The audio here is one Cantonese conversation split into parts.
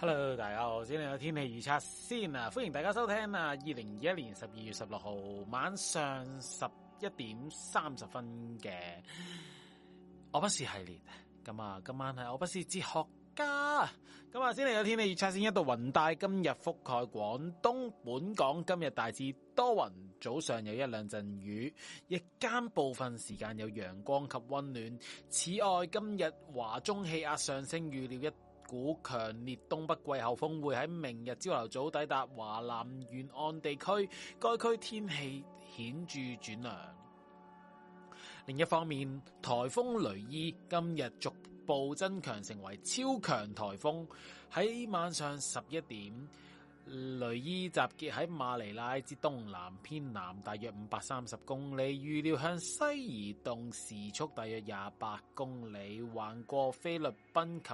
hello，大家好，先嚟有天氣預測先啊！歡迎大家收聽啊，二零二一年十二月十六號晚上十一點三十分嘅《我不是系列》。咁啊，今晚係《我不是哲學家》。咁啊，先嚟有天氣預測先。一道雲帶今日覆蓋廣東本港，今日大致多雲，早上有一兩陣雨，日間部分時間有陽光及温暖。此外，今日華中氣壓上升，預料一。股強烈東北季候風會喺明日朝頭早抵達華南沿岸地區，該區天氣顯著轉涼。另一方面，颱風雷伊今日逐步增強，成為超強颱風。喺晚上十一點，雷伊集結喺馬尼拉之東南偏南大約五百三十公里，預料向西移動，時速大約廿八公里，橫過菲律賓及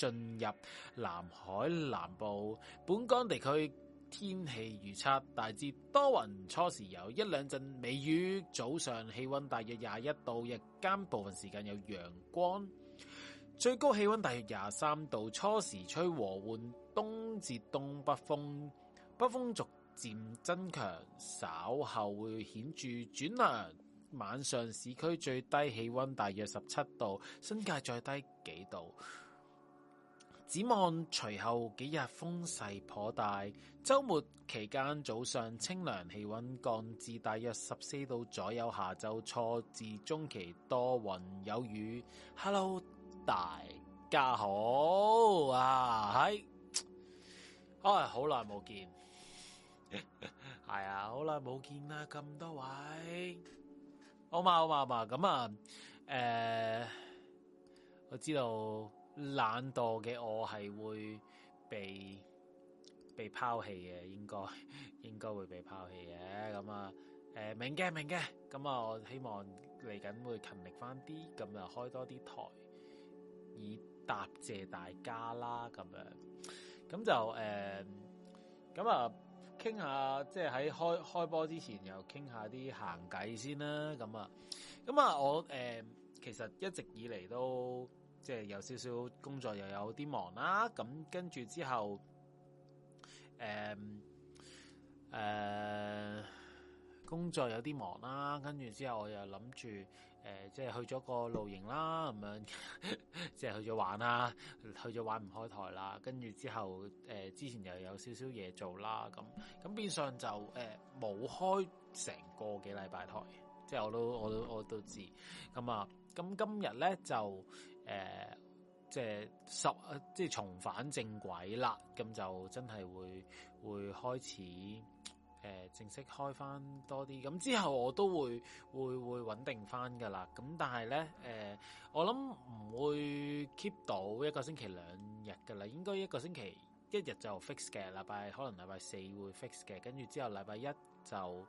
進入南海南部，本港地區天氣預測，大致多雲，初時有一兩陣微雨，早上氣溫大約廿一度，日間部分時間有陽光，最高氣溫大約廿三度。初時吹和緩東至東北風，北風逐漸增強，稍後會顯著轉涼。晚上市區最低氣溫大約十七度，新界再低幾度。展望隨後幾日風勢頗大，周末期間早上清涼，氣溫降至大約十四度左右；下晝初至中期多雲有雨。Hello，大家好啊！喺，哎、啊，好耐冇見，係啊，好耐冇見啦，咁多位，好嘛，好嘛，好嘛，咁啊，誒、呃，我知道。懶惰嘅我係會被被拋棄嘅，應該應該會被拋棄嘅。咁啊，誒、呃，明嘅明嘅。咁啊，我希望嚟緊會勤力翻啲，咁啊，開多啲台以答謝大家啦。咁樣，咁就誒，咁、呃、啊，傾下即係喺開開波之前，又傾下啲行偈先啦。咁啊，咁啊，我誒、呃，其實一直以嚟都。即係有少少工作，又有啲忙啦、啊。咁跟住之後，誒、呃、誒、呃，工作有啲忙啦、啊。跟住之後，我又諗住誒，即、呃、係、就是、去咗個露營啦，咁樣即係 去咗玩啦、啊，去咗玩唔開台啦。跟住之後，誒、呃，之前又有少少嘢做啦。咁咁，變相就誒冇、呃、開成個幾禮拜台，即、就、係、是、我都我都我都知咁啊。咁今日咧就。誒、呃，即係收，即係重返正軌啦，咁就真係會會開始誒、呃、正式開翻多啲，咁之後我都會會會穩定翻噶啦，咁但係呢，誒、呃，我諗唔會 keep 到一個星期兩日噶啦，應該一個星期一日就 fix 嘅，禮拜可能禮拜四會 fix 嘅，跟住之後禮拜一就。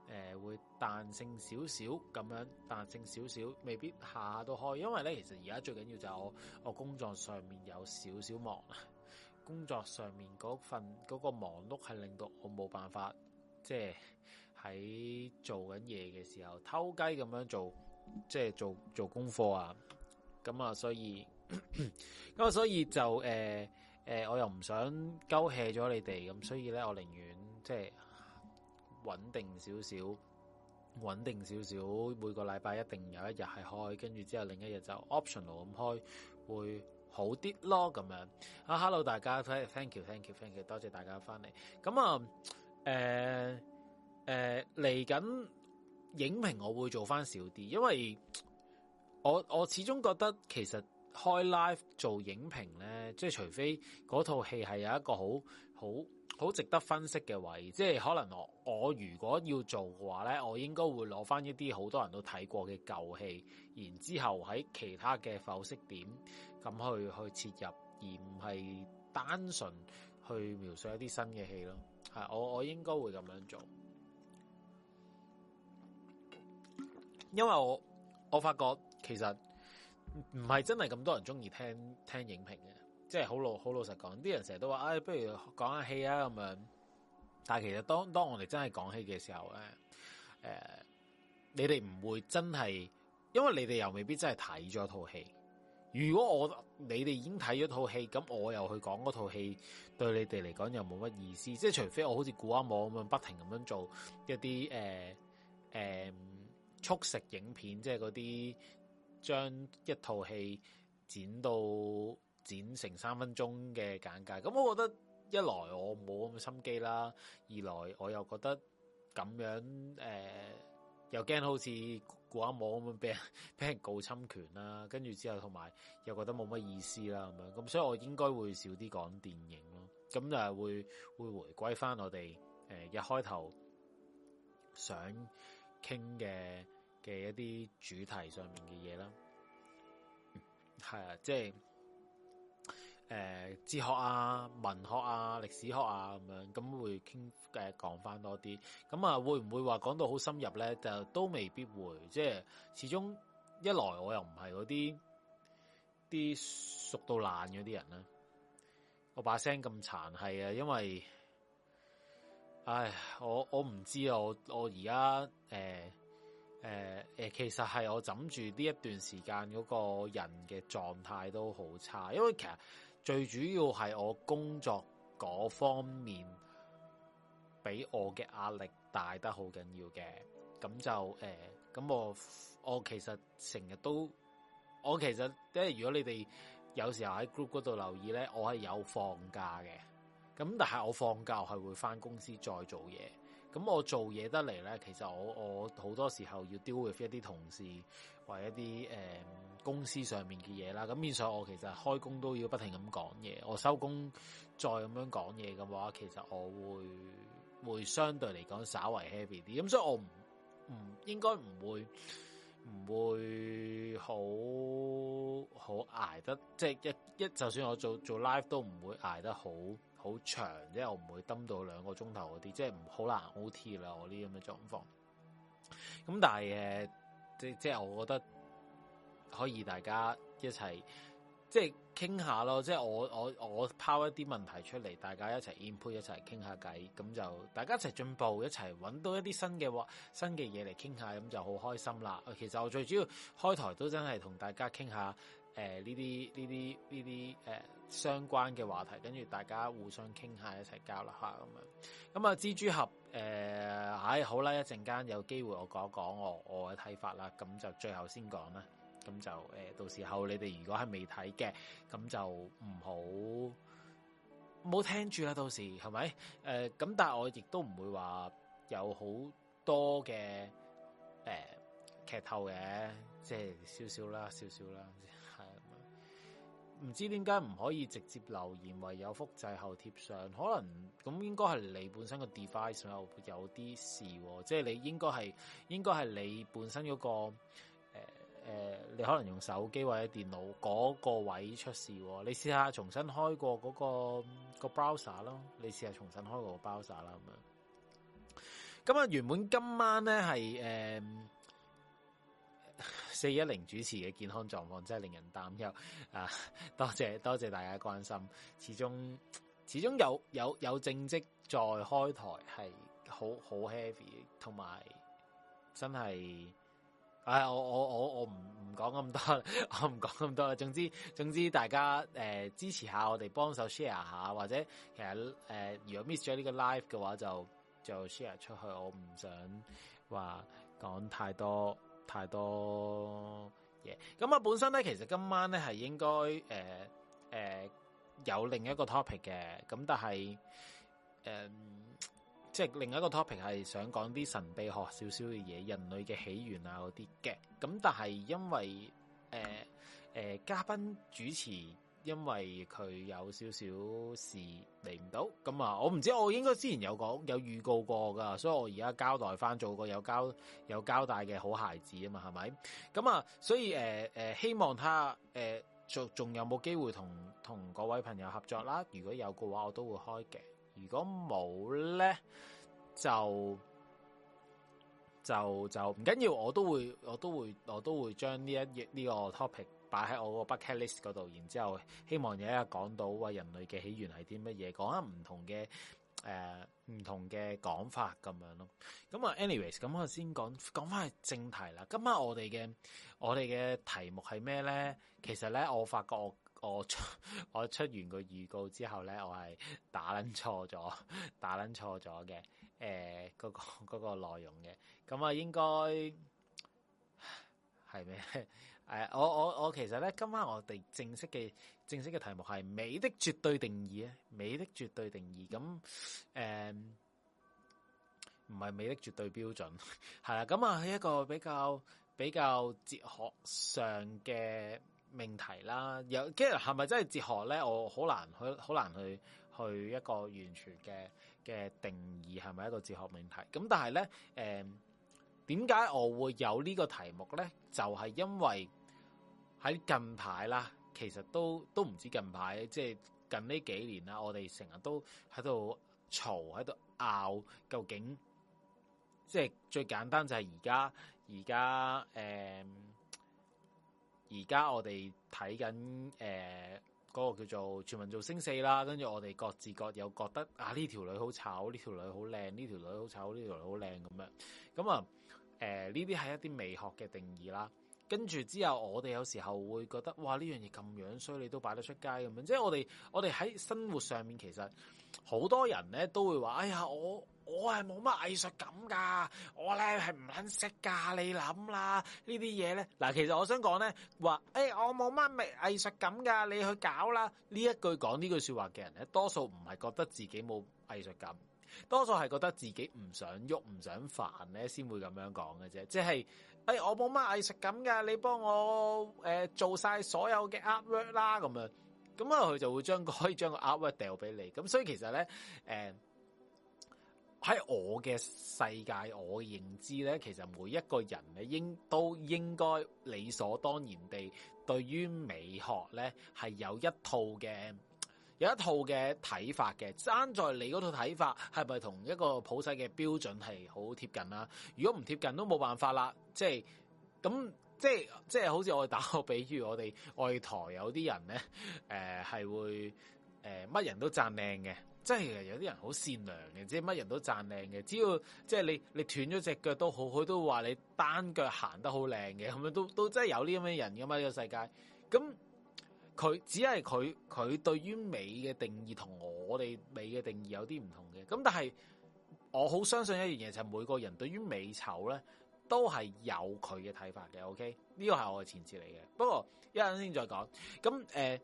誒、呃，會彈性少少咁樣，彈性少少，未必下下都開，因為咧，其實而家最緊要就我，我工作上面有少少忙，工作上面嗰份嗰、嗰個忙碌係令到我冇辦法，即係喺做緊嘢嘅時候偷雞咁樣做，即係做做功課啊，咁啊，所以咁啊， 所以就誒誒、呃呃，我又唔想溝氣咗你哋，咁所以咧，我寧願即係。穩定少少，穩定少少，每個禮拜一定有一日係開，跟住之後另一日就 optional 咁開，會好啲咯咁樣。啊，hello 大家，thank you，thank you，thank you，多謝大家翻嚟。咁啊，誒誒嚟緊影評我會做翻少啲，因為我我始終覺得其實開 live 做影評咧，即係除非嗰套戲係有一個好好。好值得分析嘅位，即係可能我我如果要做嘅話咧，我應該會攞翻一啲好多人都睇過嘅舊戲，然之後喺其他嘅剖析點咁去去切入，而唔係單純去描述一啲新嘅戲咯。係我我應該會咁樣做，因為我我發覺其實唔係真係咁多人中意聽聽影評嘅。即係好老好老實講，啲人成日都話，哎，不如講下戲啊咁樣。但係其實當當我哋真係講戲嘅時候咧，誒、呃，你哋唔會真係，因為你哋又未必真係睇咗套戲。如果我你哋已經睇咗套戲，咁我又去講嗰套戲，對你哋嚟講又冇乜意思。即係除非我好似谷阿莫咁樣，不停咁樣做一啲誒誒，速食影片，即係嗰啲將一套戲剪到。剪成三分鐘嘅簡介，咁我覺得一來我冇咁嘅心機啦，二來我又覺得咁樣誒、呃，又驚好似谷阿莫咁樣俾人俾人告侵權啦，跟住之後同埋又覺得冇乜意思啦咁樣，咁所以我應該會少啲講電影咯，咁就係會會回歸返我哋誒、呃、一開頭想傾嘅嘅一啲主題上面嘅嘢啦，係、嗯、啊，即係。誒哲學啊、文學啊、歷史學啊，咁樣咁會傾偈講翻多啲咁啊，會唔會話講到好深入呢？就都未必會，即係始終一來我又唔係嗰啲啲熟到爛嗰啲人呢、啊。我把聲咁殘係啊，因為唉，我我唔知啊，我我而家誒其實係我枕住呢一段時間嗰個人嘅狀態都好差，因為其實。最主要係我工作嗰方面，俾我嘅壓力大得好緊要嘅，咁就誒，咁、呃、我我其實成日都，我其實即係如果你哋有時候喺 group 嗰度留意咧，我係有放假嘅，咁但係我放假係會返公司再做嘢，咁我做嘢得嚟咧，其實我我好多時候要 deal with 一啲同事或者一啲誒。呃公司上面嘅嘢啦，咁面上我其實開工都要不停咁講嘢，我收工再咁樣講嘢嘅話，其實我會會相對嚟講稍為 happy 啲，咁所以我唔唔應該唔會唔會好好挨得，即係一一就算我做做 live 都唔會挨得好好長，即係我唔會登到兩個鐘頭嗰啲，即係唔好難 O T 啦嗰啲咁嘅狀況。咁但係誒，即即係我覺得。可以大家一齊即係傾下咯，即係我我我拋一啲問題出嚟，大家一齊 input，一齊傾下偈，咁就大家一齊進步，一齊搵到一啲新嘅話新嘅嘢嚟傾下，咁就好開心啦。其實我最主要開台都真係同大家傾下誒呢啲呢啲呢啲誒相關嘅話題，跟住大家互相傾下，一齊交流下咁樣。咁啊，蜘蛛俠誒，唉、呃哎、好啦，一陣間有機會我講講我我嘅睇法啦，咁就最後先講啦。咁就誒，到時候你哋如果係未睇嘅，咁就唔好唔好聽住啦。到時係咪？誒，咁、呃、但係我亦都唔會話有好多嘅、呃、劇透嘅，即係少少啦，少少啦，係唔知點解唔可以直接留言，唯有複製後貼上。可能咁應該係你本身個 device 上有啲事喎，即係你應該係應該係你本身嗰個。誒、呃，你可能用手機或者電腦嗰，那個位置出事。哦，你試下重新開過嗰，那個、那個 browser 啦，你試下重新開過個 browser 啦咁樣。咁啊，原本今晚呢係誒四一零主持嘅健康狀況真係令人擔憂啊！多謝多謝大家關心，始終始終有有有正職在開台係好好 heavy，同埋真係。唉、哎，我我我我唔唔講咁多，我唔講咁多，那麼多。總之總之，大家誒、呃、支持下我哋，幫手 share 下，或者其實誒、呃、如果 miss 咗呢個 live 嘅話就，就就 share 出去。我唔想話講太多太多嘢。咁啊，本身咧其實今晚咧係應該誒誒有另一個 topic 嘅，咁但係誒。呃即係另一個 topic 係想講啲神秘學少少嘅嘢，人類嘅起源啊嗰啲嘅，咁但係因為誒誒、呃呃、嘉賓主持因為佢有少少事嚟唔到，咁啊我唔知我應該之前有講有預告過噶，所以我而家交代翻做個有交有交代嘅好孩子啊嘛，係咪？咁啊，所以誒誒、呃、希望他誒仲仲有冇機會同各位朋友合作啦？如果有嘅話，我都會開嘅。如果冇咧，就就就唔緊要，我都會，我都會，我都會將呢一呢個 topic 擺喺我個 bucket list 度，然之後希望有一日講到喂人類嘅起源係啲乜嘢，講下唔同嘅誒唔同嘅講法咁樣咯。咁啊，anyways，咁我先講講翻係正題啦。今晚我哋嘅我哋嘅題目係咩咧？其實咧，我發覺。我出我出完個預告之後咧，我係打捻錯咗，打捻錯咗嘅，誒、呃，嗰個嗰個內容嘅，咁啊，應該係咩？誒、呃，我我我其實咧，今晚我哋正式嘅正式嘅題目係美的絕對定義啊，美的絕對定義，咁誒，唔係美的絕對標準，係啦，咁啊，係一個比較比較哲學上嘅。命題啦，有即係係咪真係哲學咧？我好難，難去，好難去去一個完全嘅嘅定義係咪一個哲學命題？咁但係咧，誒、嗯，點解我會有呢個題目咧？就係、是、因為喺近排啦，其實都都唔止近排，即、就、係、是、近呢幾年啦，我哋成日都喺度嘈，喺度拗，究竟即係、就是、最簡單就係而家，而家誒。嗯而家我哋睇緊誒嗰個叫做全民造星四啦，跟住我哋各自各有覺得啊，呢條女好醜，呢條女好靚，呢條女好醜，呢條女好靚咁樣，咁啊誒呢啲係一啲美學嘅定義啦。跟住之後，我哋有時候會覺得哇，呢樣嘢咁樣衰，你都擺得出街咁樣，即係我哋我哋喺生活上面其實好多人咧都會話：哎呀我。我係冇乜藝術感噶，我咧係唔肯識噶。你諗啦，呢啲嘢咧嗱，其實我想講咧，話誒，我冇乜咩藝術感噶，你去搞啦。呢一句講呢句說話嘅人咧，多數唔係覺得自己冇藝術感，多數係覺得自己唔想喐，唔想煩咧，先會咁樣講嘅啫。即係誒，我冇乜藝術感噶，你幫我誒做晒所有嘅 artwork 啦，咁樣咁啊，佢就會將可以將個 artwork 掉俾你。咁所以其實咧，誒。喺我嘅世界，我嘅認知咧，其實每一個人咧，應都應該理所當然地對於美學咧係有一套嘅，有一套嘅睇法嘅。爭在你嗰套睇法係咪同一個普世嘅標準係好貼近啦？如果唔貼近都冇辦法啦。即係咁，即係即係，好似我哋打個比喻，我哋外台有啲人咧，誒、呃、係會誒乜、呃、人都讚靚嘅。真係嘅，有啲人好善良嘅，即係乜人都讚靚嘅，只要即係你你斷咗隻腳都好，佢都話你單腳行得好靚嘅，咁樣都都真係有呢咁嘅人噶嘛？呢個世界，咁佢只係佢佢對於美嘅定義同我哋美嘅定義有啲唔同嘅，咁但係我好相信一樣嘢就係每個人對於美醜咧都係有佢嘅睇法嘅。OK，呢個係我嘅前設嚟嘅，不過一陣先再講。咁誒。呃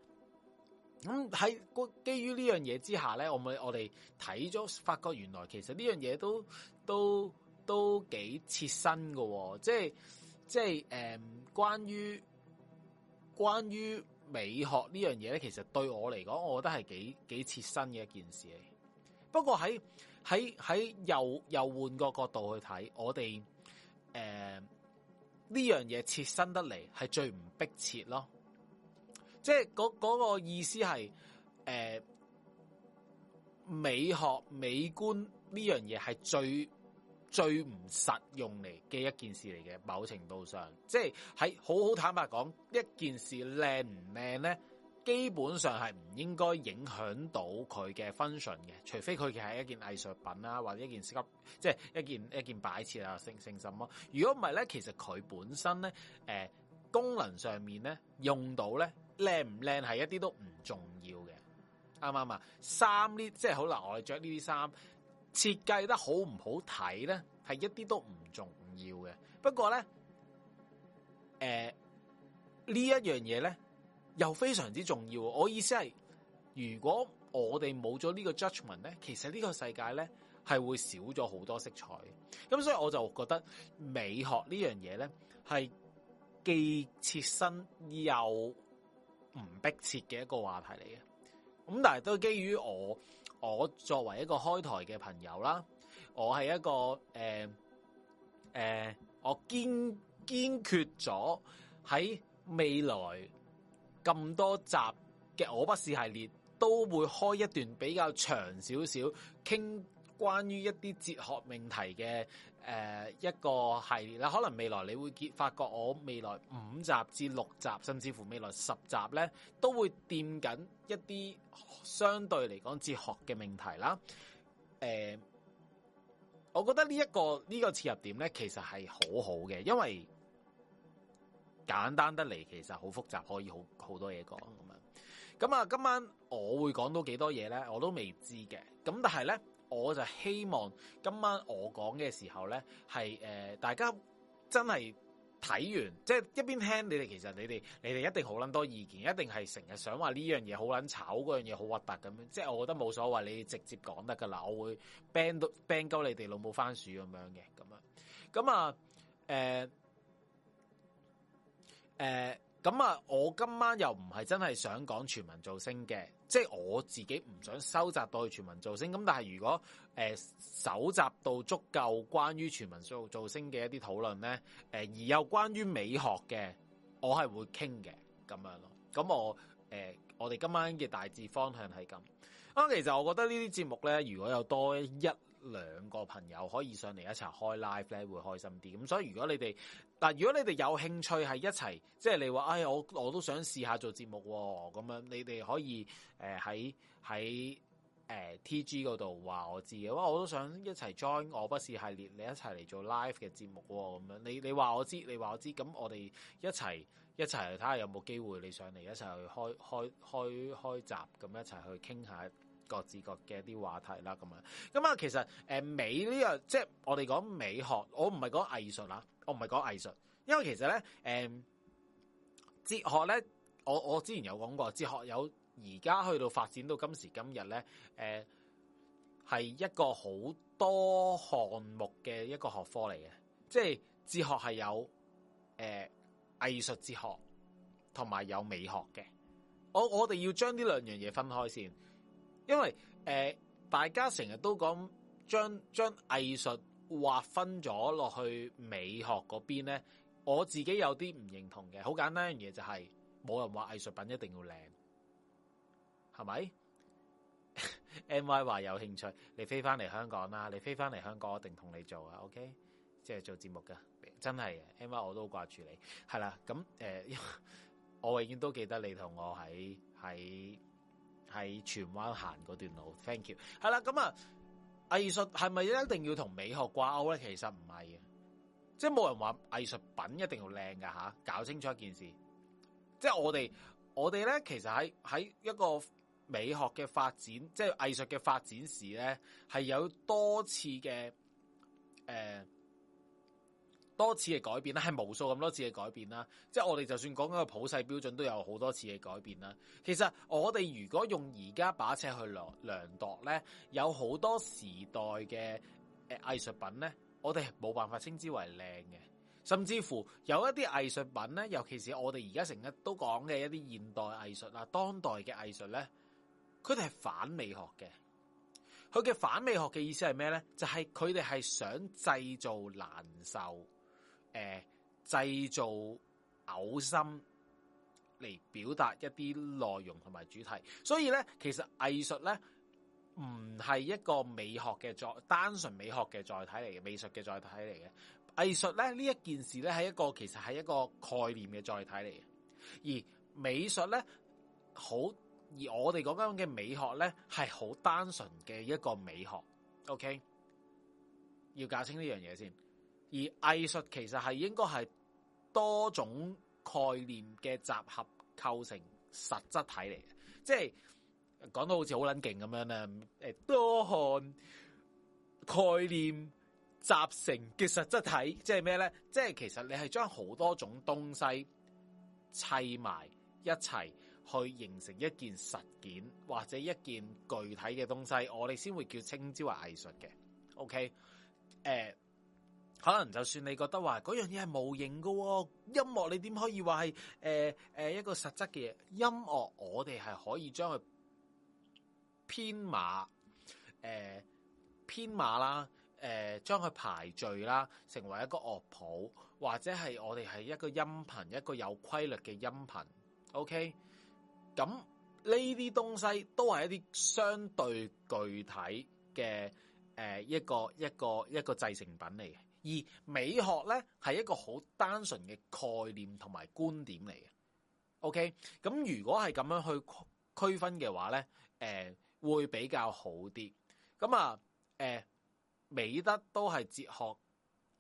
咁喺基基於呢樣嘢之下咧，我咪我哋睇咗，發覺原來其實呢樣嘢都都都幾切身㗎喎，即係即係誒、嗯，關於關於美學呢樣嘢咧，其實對我嚟講，我覺得係幾幾切身嘅一件事嚟。不過喺喺喺又又換個角度去睇，我哋誒呢樣嘢切身得嚟係最唔迫切咯。即係嗰個個意思係，誒、呃，美學美觀呢樣嘢係最最唔實用嚟嘅一件事嚟嘅。某程度上，即係喺好好坦白講，一件事靚唔靚咧，基本上係唔應該影響到佢嘅 function 嘅，除非佢嘅係一件藝術品啦，或者一件高級，即係一件一件擺設啊，成成什麼？如果唔係咧，其實佢本身咧，誒、呃，功能上面咧，用到咧。靚唔靚係一啲都唔重要嘅，啱唔啱啊？衫呢，即係好啦，我哋着呢啲衫設計得好唔好睇咧，係一啲都唔重要嘅。不過咧，誒、呃、呢一樣嘢咧又非常之重要喎。我的意思係，如果我哋冇咗呢個 judgement 咧，其實呢個世界咧係會少咗好多色彩。咁所以我就覺得美學呢樣嘢咧係既切身又。唔迫切嘅一個話題嚟嘅，咁但係都基於我，我作為一個開台嘅朋友啦，我係一個誒誒、呃呃，我堅堅決咗喺未來咁多集嘅我不是系列都會開一段比較長少少傾。關於一啲哲學命題嘅誒、呃、一個系列啦，可能未來你會結發覺，我未來五集至六集，甚至乎未來十集呢，都會掂緊一啲相對嚟講哲學嘅命題啦。誒、呃，我覺得呢、呢、一個呢、呢個切入點呢，其實係好好嘅，因為簡單得嚟，其實好複雜，可以好好多嘢講咁樣。咁啊，今晚我會講到幾多嘢呢？我都未知嘅。咁但係呢，我就希望今晚我講嘅時候咧，係誒、呃、大家真係睇完，即係一邊聽你哋，其實你哋你哋一定好捻多意見，一定係成日想話呢樣嘢好捻炒，嗰樣嘢好核突咁樣。即係我覺得冇所謂，你直接講得噶啦，我會 ban 到 ban 鳩你哋老母番薯咁樣嘅，咁啊，咁、呃、啊，誒、呃、誒，咁啊，我今晚又唔係真係想講全民造星嘅。即係我自己唔想收集到去全民造星，咁但係如果誒蒐、呃、集到足夠關於全民造造星嘅一啲討論呢，誒、呃、而有關於美學嘅，我係會傾嘅咁樣咯。咁我誒、呃、我哋今晚嘅大致方向係咁。咁其實我覺得呢啲節目呢，如果有多一兩個朋友可以上嚟一齊開 live 咧，會開心啲。咁所以如果你哋，但如果你哋有興趣係一齊，即係你話，唉，我我都想試下做節目咁樣，你哋可以誒喺喺 TG 嗰度話我知嘅話，我都想一齊 join 我不是系列，你一齊嚟做 live 嘅節目咁樣。你你話我知，你話我知，咁我哋一齊一齊睇下有冇機會你上嚟一齊去開開開開開集，咁一齊去傾下。各自各嘅啲話題啦，咁樣，咁啊，其實誒美呢樣即係我哋講美學，我唔係講藝術啦我唔係講藝術，因為其實咧，誒，哲學咧，我我之前有講過，哲學有而家去到發展到今時今日咧，誒、呃，係一個好多項目嘅一個學科嚟嘅，即係哲學係有誒藝術哲學，同埋有,有美學嘅，我我哋要將呢兩樣嘢分開先。因為誒、呃，大家成日都講將將藝術劃分咗落去美學嗰邊呢，我自己有啲唔認同嘅。好簡單一樣嘢就係、是，冇人話藝術品一定要靚，係咪？M Y 話有興趣，你飛翻嚟香港啦，你飛翻嚟香港，我一定同你做啊，OK？即係做節目噶，真係。M Y 我都掛住你，係啦。咁誒、呃，我永遠都記得你同我喺喺。在喺荃灣行嗰段路，thank you。係啦，咁啊，藝術係咪一定要同美學掛鈎咧？其實唔係嘅，即係冇人話藝術品一定要靚噶吓。搞清楚一件事，即係我哋我哋咧，其實喺喺一個美學嘅發展，即係藝術嘅發展史咧，係有多次嘅誒。呃多次嘅改變啦，係無數咁多次嘅改變啦。即係我哋就算講緊個普世標準，都有好多次嘅改變啦。其實我哋如果用而家把尺去量量度呢，有好多時代嘅誒藝術品呢，我哋係冇辦法稱之為靚嘅。甚至乎有一啲藝術品呢，尤其是我哋而家成日都講嘅一啲現代藝術啊、當代嘅藝術呢，佢哋係反美學嘅。佢嘅反美學嘅意思係咩呢？就係佢哋係想製造難受。誒，呃、製造嘔心嚟，表達一啲內容同埋主題，所以咧，其實藝術咧，唔係一個美學嘅載，單純美學嘅載體嚟嘅，美術嘅載體嚟嘅。藝術咧，呢一件事咧，係一個其實係一個概念嘅載體嚟嘅，而美術咧好，而我哋講緊嘅美學咧係好單純嘅一個美學。OK，要搞清呢樣嘢先。而藝術其實係應該係多種概念嘅集合構成實質體嚟嘅，即係講到好似好撚勁咁樣咧。誒，多項概念集成嘅實質體就是什麼呢？即係咩咧？即係其實你係將好多種東西砌埋一齊去形成一件實件或者一件具體嘅東西，我哋先會叫稱之為藝術嘅。OK，誒、呃。可能就算你覺得話嗰樣嘢係無形嘅，音樂你點可以話係誒誒一個實質嘅嘢？音樂我哋係可以將佢編碼誒、呃、編碼啦，誒、呃、將佢排序啦，成為一個樂譜，或者係我哋係一個音頻一個有規律嘅音頻，OK，咁呢啲東西都係一啲相對具體嘅誒、呃、一個一個一個製成品嚟嘅。而美學咧係一個好單純嘅概念同埋觀點嚟嘅，OK？咁如果係咁樣去區分嘅話咧，誒、呃、會比較好啲。咁啊，誒、呃、美德都係哲學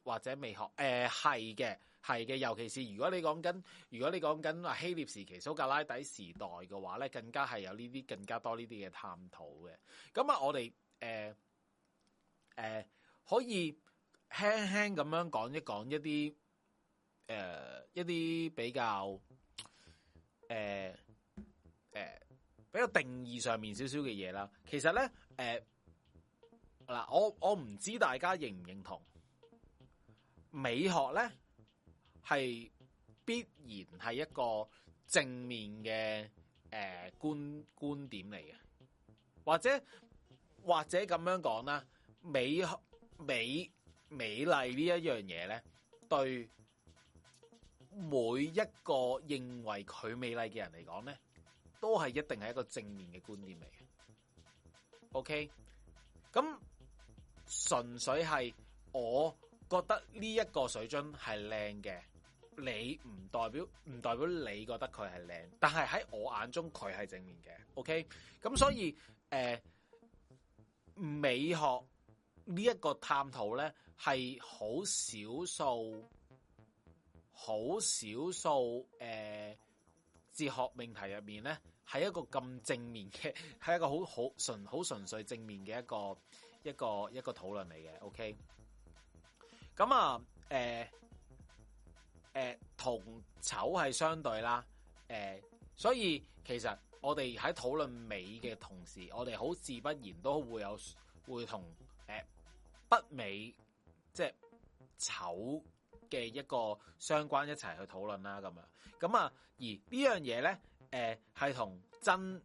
或者美學，誒係嘅，係嘅。尤其是如果你講緊，如果你講緊啊希臘時期蘇格拉底時代嘅話咧，更加係有呢啲更加多呢啲嘅探討嘅。咁啊，我哋誒誒可以。輕輕咁樣講一講一啲誒、呃、一啲比較誒誒、呃呃、比較定義上面少少嘅嘢啦，其實咧誒嗱我我唔知大家認唔認同，美學咧係必然係一個正面嘅誒、呃、觀觀點嚟嘅，或者或者咁樣講啦，美美。美麗呢一樣嘢，呢對每一個認為佢美麗嘅人嚟講呢都係一定係一個正面嘅觀念嚟嘅。OK，咁純粹係我覺得呢一個水樽係靚嘅，你唔代表唔代表你覺得佢係靚，但係喺我眼中佢係正面嘅。OK，咁所以誒、呃，美學呢一個探討呢。係好少數、好少數誒、欸，哲學命題入面咧，係一個咁正面嘅，係一個好好純、好純粹正面嘅一個一個一個討論嚟嘅。OK，咁啊，誒、欸、誒，同醜係相對啦，誒、欸，所以其實我哋喺討論美嘅同時，我哋好自不然都會有會同誒不美。即係醜嘅一個相關一齊去討論啦，咁樣咁啊，而呢樣嘢咧，誒係同真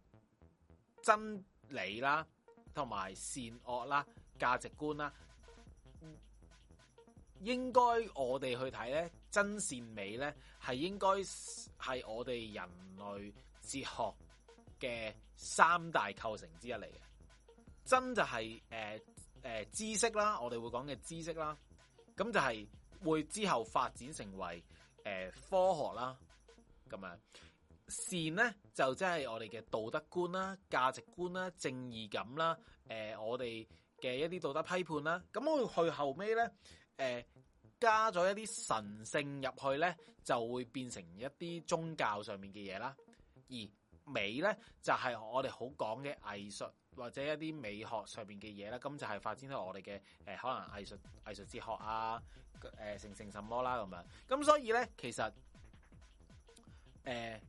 真理啦，同埋善惡啦，價值觀啦，應該我哋去睇咧，真善美咧係應該係我哋人類哲學嘅三大構成之一嚟嘅，真就係、是、誒。呃誒、呃，知識啦，我哋會講嘅知識啦，咁就係會之後發展成為誒、呃、科學啦，咁樣，善咧就即係我哋嘅道德觀啦、價值觀啦、正義感啦，誒、呃、我哋嘅一啲道德批判啦，咁去後尾咧，誒、呃、加咗一啲神聖入去咧，就會變成一啲宗教上面嘅嘢啦，而美咧就係、是、我哋好講嘅藝術。或者一啲美學上邊嘅嘢啦，咁就係發展到我哋嘅誒，可能藝術藝術哲學啊，誒成成什麼啦咁樣，咁、啊、所以咧其實誒。呃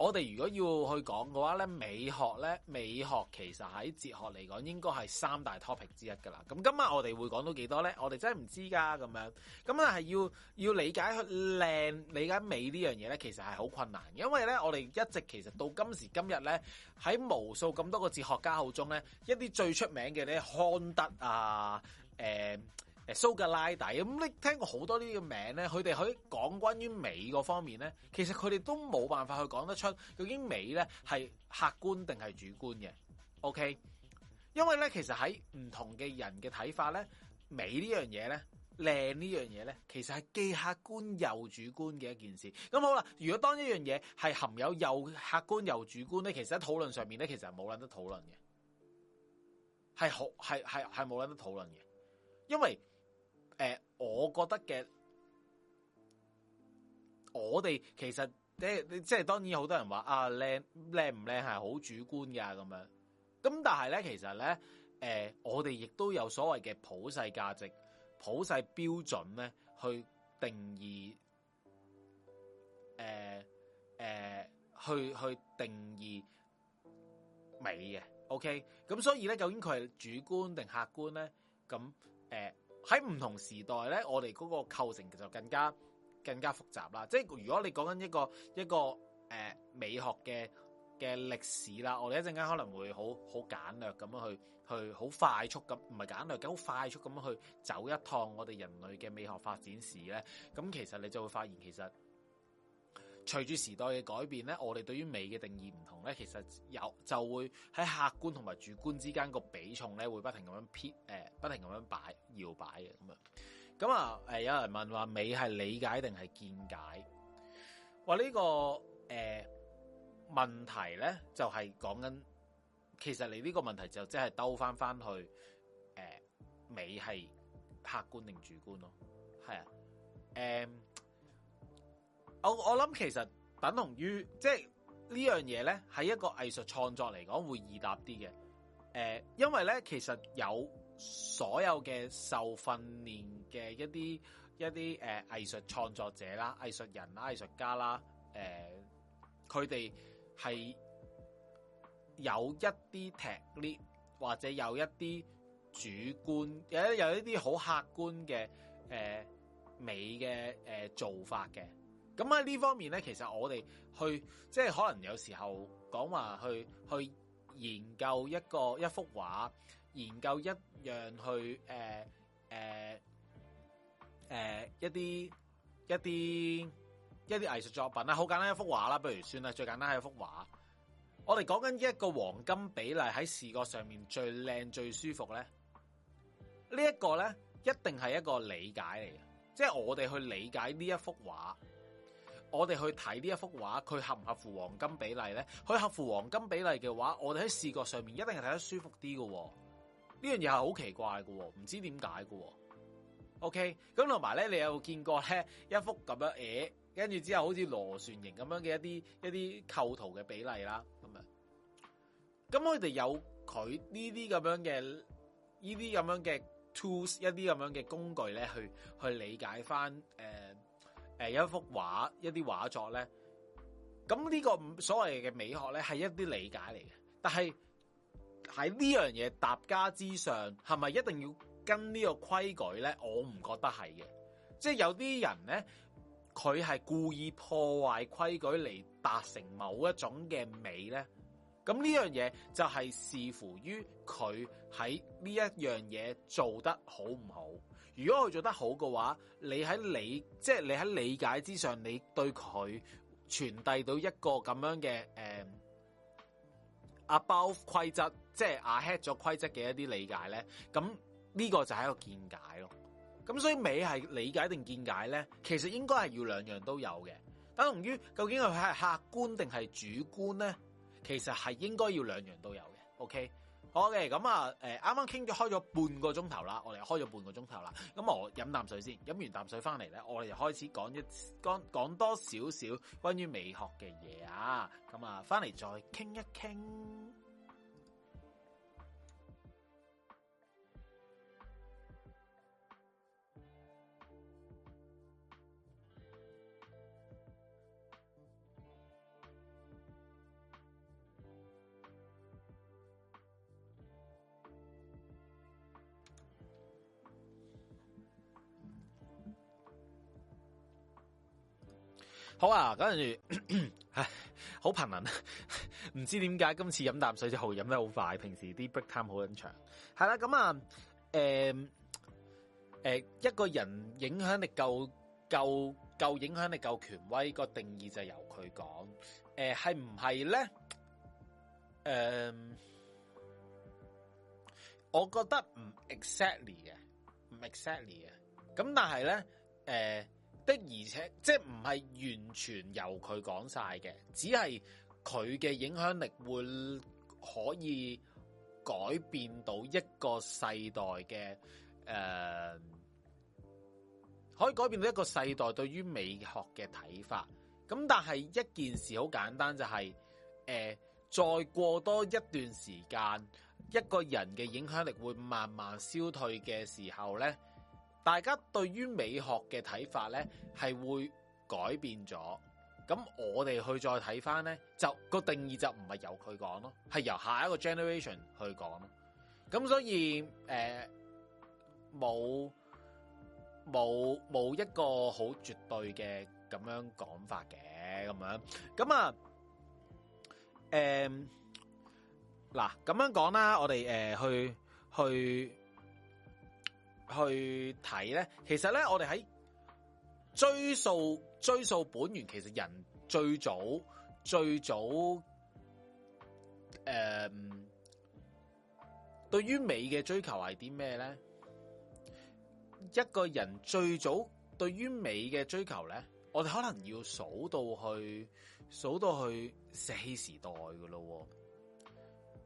我哋如果要去講嘅話咧，美學咧，美學其實喺哲學嚟講應該係三大 topic 之一噶啦。咁今晚我哋會講到幾多咧？我哋真係唔知㗎咁樣。咁啊，係要要理解佢靚理解美呢樣嘢咧，其實係好困難。因為咧，我哋一直其實到今時今日咧，喺無數咁多個哲學家口中咧，一啲最出名嘅咧，康德啊，誒、呃。蘇格拉底咁，你聽過好多呢個名咧，佢哋喺講關於美嗰方面咧，其實佢哋都冇辦法去講得出究竟美咧係客觀定係主觀嘅。OK，因為咧其實喺唔同嘅人嘅睇法咧，美呢樣嘢咧，靚呢樣嘢咧，其實係既客觀又主觀嘅一件事。咁好啦，如果當一樣嘢係含有又客觀又主觀咧，其實喺討論上面咧，其實係冇諗得討論嘅，係好係係係冇諗得討論嘅，因為。誒、呃，我覺得嘅，我哋其實、呃、即即係，當然好多人話啊，靚靚唔靚係好主觀噶咁樣。咁但係咧，其實咧，誒、呃，我哋亦都有所謂嘅普世價值、普世標準咧，去定義，誒、呃、誒、呃，去去定義美嘅。OK，咁所以咧，究竟佢係主觀定客觀咧？咁誒。呃喺唔同時代咧，我哋嗰個構成就更加更加複雜啦。即係如果你講緊一個一個誒、呃、美學嘅嘅歷史啦，我哋一陣間可能會好好簡略咁樣去去好快速咁，唔係簡略嘅好快速咁樣去走一趟我哋人類嘅美學發展史咧，咁其實你就會發現其實。隨住時代嘅改變咧，我哋對於美嘅定義唔同咧，其實有就會喺客觀同埋主觀之間個比重咧，會不停咁樣撇誒，不停咁樣擺搖擺嘅咁咁啊，誒、呃，有人問話美係理解定係見解，話呢、這個誒、呃、問題咧，就係、是、講緊，其實你呢個問題就即係兜翻翻去，誒、呃，美係客觀定主觀咯，係啊，誒、呃。我我諗其實等同於即係呢樣嘢咧，喺一個藝術創作嚟講會易答啲嘅。誒、呃，因為咧其實有所有嘅受訓練嘅一啲一啲誒、呃、藝術創作者啦、藝術人啦、藝術家啦，誒、呃，佢哋係有一啲踢裂或者有一啲主觀，有有一啲好客觀嘅誒、呃、美嘅誒、呃、做法嘅。咁喺呢方面呢，其實我哋去即係可能有時候講話去去研究一個一幅畫，研究一樣去誒誒誒一啲一啲一啲藝術作品啦，好簡單一幅畫啦，不如算啦，最簡單係一幅畫。我哋講緊一個黃金比例喺視覺上面最靚最舒服呢，呢一個呢，一定係一個理解嚟嘅，即係我哋去理解呢一幅畫。我哋去睇呢一幅畫，佢合唔合乎黃金比例咧？佢合乎黃金比例嘅話，我哋喺視覺上面一定係睇得舒服啲嘅喎。呢樣嘢係好奇怪嘅喎，唔知點解嘅。OK，咁同埋咧，你有見過咧一幅咁樣誒，跟住之後好似螺旋形咁樣嘅一啲一啲構圖嘅比例啦，咁啊，咁我哋有佢呢啲咁樣嘅呢啲咁樣嘅 tools，一啲咁樣嘅工具咧，去去理解翻誒。呃誒有一幅畫，一啲畫作呢，咁呢個所謂嘅美學呢，係一啲理解嚟嘅。但係喺呢樣嘢搭家之上，係咪一定要跟呢個規矩呢？我唔覺得係嘅。即係有啲人呢，佢係故意破壞規矩嚟達成某一種嘅美呢。咁呢樣嘢就係視乎於佢喺呢一樣嘢做得好唔好。如果佢做得好嘅話，你喺理即係、就是、你喺理解之上，你對佢傳遞到一個咁樣嘅誒、um, above 規則，即係 ahead 咗規則嘅一啲理解咧，咁呢個就係一個見解咯。咁所以美係理解定見解咧，其實應該係要兩樣都有嘅，等同於究竟佢係客觀定係主觀咧，其實係應該要兩樣都有嘅。OK。好嘅，咁啊，誒，啱啱傾咗開咗半個鐘頭啦，我哋開咗半個鐘頭啦，咁我飲啖水先，飲完啖水翻嚟咧，我哋就開始講一講講多少少關於美學嘅嘢啊，咁啊，翻嚟再傾一傾。好啊，跟住 唉，好貧民，唔 知點解今次飲啖水之後飲得好快，平時啲 break time 好咁長。係啦，咁啊，誒誒、啊呃呃，一個人影響力夠夠夠影響力夠權威個定義就由佢講。誒、呃，係唔係咧？誒、呃，我覺得唔 exactly 嘅，唔 exactly 嘅。咁但係咧，誒、呃。的而且，即係唔係完全由佢講晒嘅，只係佢嘅影響力會可以改變到一個世代嘅誒、呃，可以改變到一個世代對於美學嘅睇法。咁但係一件事好簡單，就係，就係誒，再過多一段時間，一個人嘅影響力會慢慢消退嘅時候咧。大家對於美學嘅睇法咧，係會改變咗。咁我哋去再睇返咧，就個定義就唔係由佢講咯，係由下一個 generation 去講咯。咁所以誒，冇冇冇一個好絕對嘅咁樣講法嘅咁樣。咁啊誒，嗱咁樣講啦，我哋誒去去。去睇咧，其實咧，我哋喺追溯追溯本源，其實人最早最早，誒、嗯，對於美嘅追求係啲咩咧？一個人最早對於美嘅追求咧，我哋可能要數到去數到去石器時代噶咯，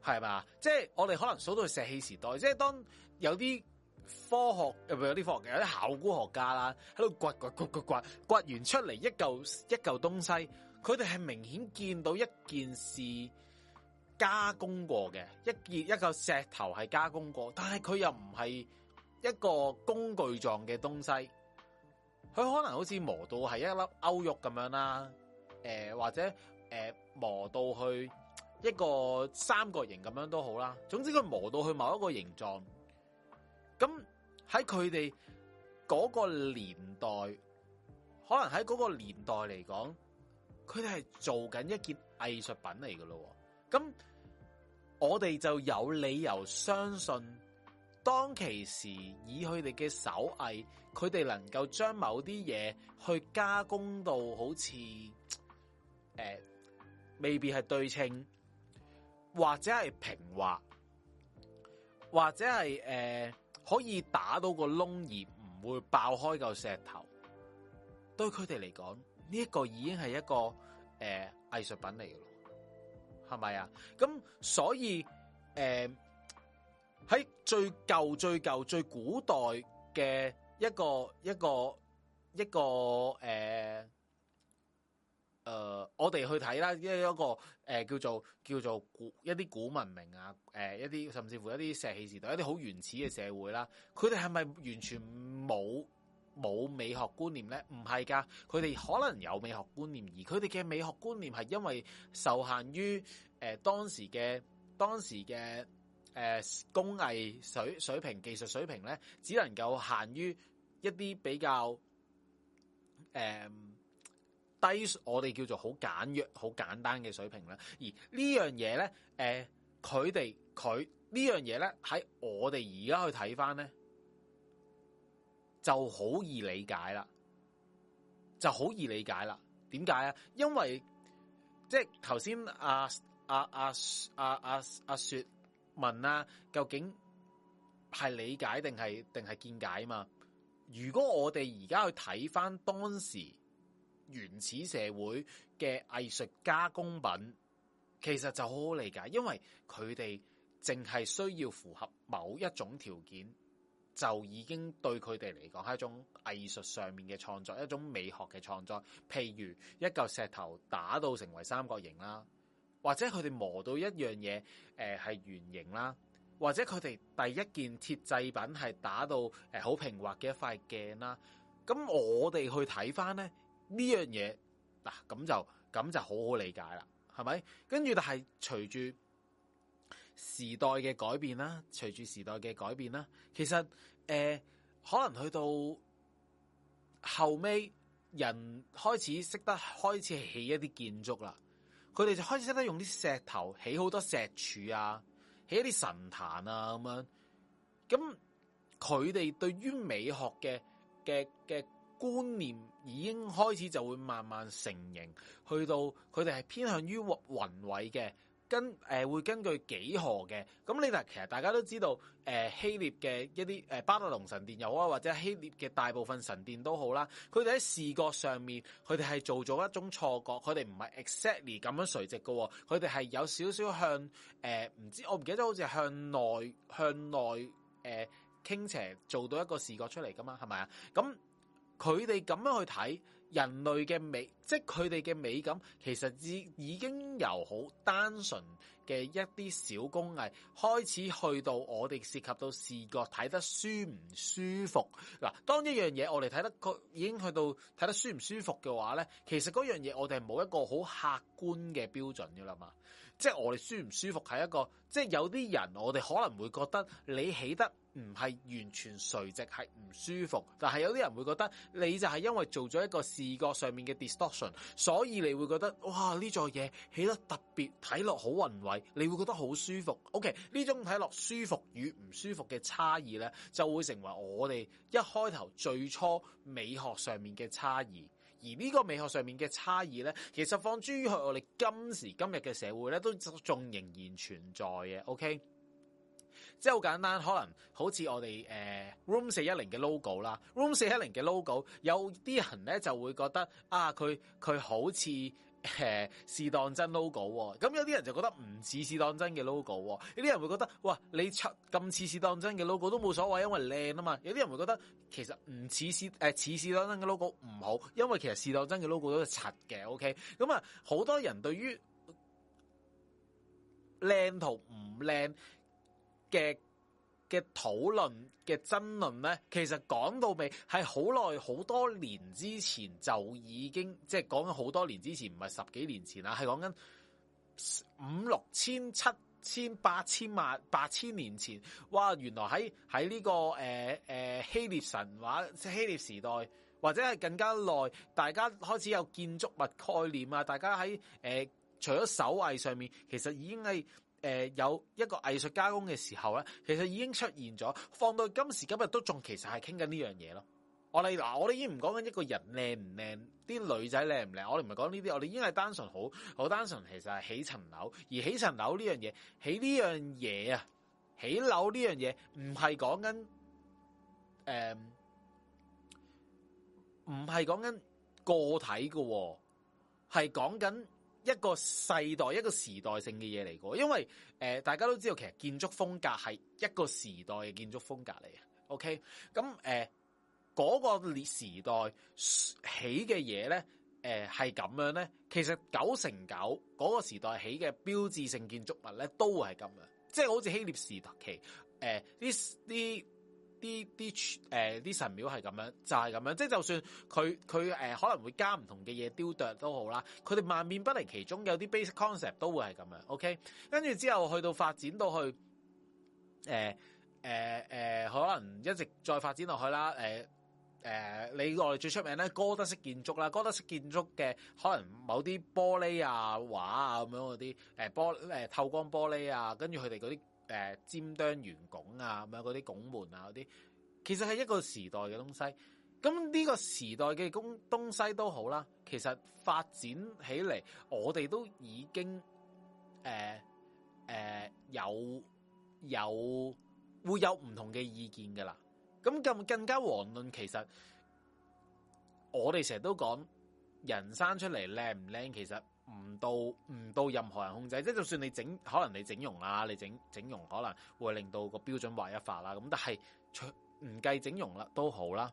係嘛？即係我哋可能數到去石器時代，即係當有啲。科學入邊有啲科學嘅，有啲考古學家啦，喺度掘掘掘掘掘，掘完出嚟一嚿一嚿東西，佢哋係明顯見到一件事加工過嘅，一件一嚿石頭係加工過，但係佢又唔係一個工具狀嘅東西，佢可能好似磨到係一粒歐玉咁樣啦，誒、呃、或者誒、呃、磨到去一個三角形咁樣都好啦，總之佢磨到去某一個形狀。咁喺佢哋嗰個年代，可能喺嗰個年代嚟講，佢哋係做緊一件藝術品嚟㗎喇咯。咁我哋就有理由相信，當其時以佢哋嘅手藝，佢哋能夠將某啲嘢去加工到好似誒、呃，未必係對稱，或者係平滑，或者係誒。呃可以打到個窿，而唔會爆開個石頭。對，對佢哋嚟講呢，一個已經係一個誒藝術品嚟嘅咯，係咪啊？咁所以誒喺、呃、最舊最舊最古代嘅一個一個一個誒。呃誒、呃，我哋去睇啦，一一、那個誒、呃、叫做叫做古一啲古文明啊，誒、呃、一啲甚至乎一啲石器時代一啲好原始嘅社會啦，佢哋係咪完全冇冇美學觀念咧？唔係噶，佢哋可能有美學觀念，而佢哋嘅美學觀念係因為受限於誒、呃、當時嘅當時嘅誒、呃、工藝水水平技術水平咧，只能夠限於一啲比較誒。呃低，我哋叫做好簡約、好簡單嘅水平啦。而、呃這個，呢樣嘢咧，誒，佢哋佢呢樣嘢咧，喺我哋而家去睇翻咧，就好易理解啦，就好易理解啦。點解啊？因為即係頭先阿阿阿阿阿阿雪問啊，究竟係理解定係定係見解啊嘛？如果我哋而家去睇翻當時。原始社會嘅藝術加工品，其實就好好理解，因為佢哋淨係需要符合某一種條件，就已經對佢哋嚟講係一種藝術上面嘅創作，一種美學嘅創作。譬如一嚿石頭打到成為三角形啦，或者佢哋磨到一樣嘢，誒係圓形啦，或者佢哋第一件鐵製品係打到誒好平滑嘅一塊鏡啦。咁我哋去睇返呢。呢樣嘢嗱，咁就咁就好好理解啦，係咪？跟住但係隨住時代嘅改變啦，隨住時代嘅改變啦，其實誒、呃，可能去到後尾，人開始識得開始起一啲建築啦，佢哋就開始識得用啲石頭起好多石柱啊，起一啲神壇啊咁樣，咁佢哋對於美學嘅嘅嘅。觀念已經開始就會慢慢成型，去到佢哋係偏向於宏偉嘅，跟誒、呃、會根據幾何嘅。咁你睇，其實大家都知道，誒、呃、希臘嘅一啲誒、呃、巴特農神殿又好啊，或者希臘嘅大部分神殿都好啦。佢哋喺視覺上面，佢哋係做咗一種錯覺，佢哋唔係 exactly 咁樣垂直嘅，哦，佢哋係有少少向誒唔、呃、知道我唔記得，好似向內向內誒、呃、傾斜，做到一個視覺出嚟噶嘛，係咪啊？咁、嗯佢哋咁樣去睇人類嘅美，即係佢哋嘅美感，其實已已經由好單純嘅一啲小工藝開始去到我哋涉及到視覺睇得舒唔舒服。嗱，當一樣嘢我哋睇得已經去到睇得舒唔舒服嘅話咧，其實嗰樣嘢我哋係冇一個好客觀嘅標準噶啦嘛。即係我哋舒唔舒服係一個，即係有啲人我哋可能會覺得你起得。唔係完全垂直，係唔舒服，但係有啲人會覺得，你就係因為做咗一個視覺上面嘅 distortion，所以你會覺得，哇，呢座嘢起得特別，睇落好宏偉，你會覺得好舒服。OK，呢種睇落舒服與唔舒服嘅差異呢，就會成為我哋一開頭最初美學上面嘅差異。而呢個美學上面嘅差異呢，其實放諸於去我哋今時今日嘅社會呢，都仲仍然存在嘅。OK。即係好簡單，可能好似我哋誒、uh, Room 四一零嘅 logo 啦，Room 四一零嘅 logo 有啲人咧就會覺得啊，佢佢好似誒是、呃、當真 logo，咁、哦、有啲人就覺得唔似是當真嘅 logo，、哦、有啲人會覺得哇，你出咁似是當真嘅 logo 都冇所謂，因為靚啊嘛，有啲人會覺得其實唔、呃、似是誒似是當真嘅 logo 唔好，因為其實是當真嘅 logo 都係柒嘅，OK，咁啊，好多人對於靚同唔靚嘅嘅討論嘅爭論呢，其實講到尾係好耐，好多年之前就已經即係講緊好多年之前，唔係十幾年前啦，係講緊五六千、七千、八千萬、八千年前。哇！原來喺喺呢個誒誒、呃呃、希臘神話希臘時代，或者係更加耐，大家開始有建築物概念啊！大家喺誒、呃、除咗手藝上面，其實已經係。誒、呃，有一個藝術加工嘅時候咧，其實已經出現咗。放到今時今日都仲其實係傾緊呢樣嘢咯。我哋嗱，我哋已經唔講緊一個人靚唔靚，啲女仔靚唔靚，我哋唔係講呢啲，我哋已經係單純好好單純，其實係起層樓。而起層樓呢樣嘢，起呢樣嘢啊，起樓呢樣嘢唔係講緊誒，呃，唔係講緊個體嘅喎，係講緊。一個世代、一個時代性嘅嘢嚟過，因為誒、呃、大家都知道，其實建築風格係一個時代嘅建築風格嚟嘅。OK，咁誒嗰個時代起嘅嘢咧，誒係咁樣咧。其實九成九嗰、嗰個時代起嘅標誌性建築物咧，都會係咁樣，即係好似希臘時期誒啲啲。呃啲啲誒啲神廟係咁樣，就係咁樣，即係就算佢佢誒可能會加唔同嘅嘢雕琢都好啦，佢哋萬變不離其中，有啲 basic concept 都會係咁樣。OK，跟住之後去到發展到去誒誒誒，可能一直再發展落去啦。誒誒，你我哋最出名咧，哥德式建築啦，哥德式建築嘅可能某啲玻璃啊、畫啊咁樣嗰啲誒玻誒透光玻璃啊，跟住佢哋嗰啲。誒、呃，尖端、圓拱啊，咁樣嗰啲拱門啊，嗰啲其實係一個時代嘅東西。咁呢個時代嘅工東西都好啦，其實發展起嚟，我哋都已經誒誒、呃呃、有有會有唔同嘅意見噶啦。咁更更加遑論，其實我哋成日都講，人生出嚟靚唔靚，其實。唔到唔到任何人控制，即就算你整，可能你整容啦，你整整容可能會令到個標準劃一化啦。咁但係除唔計整容啦，都好啦，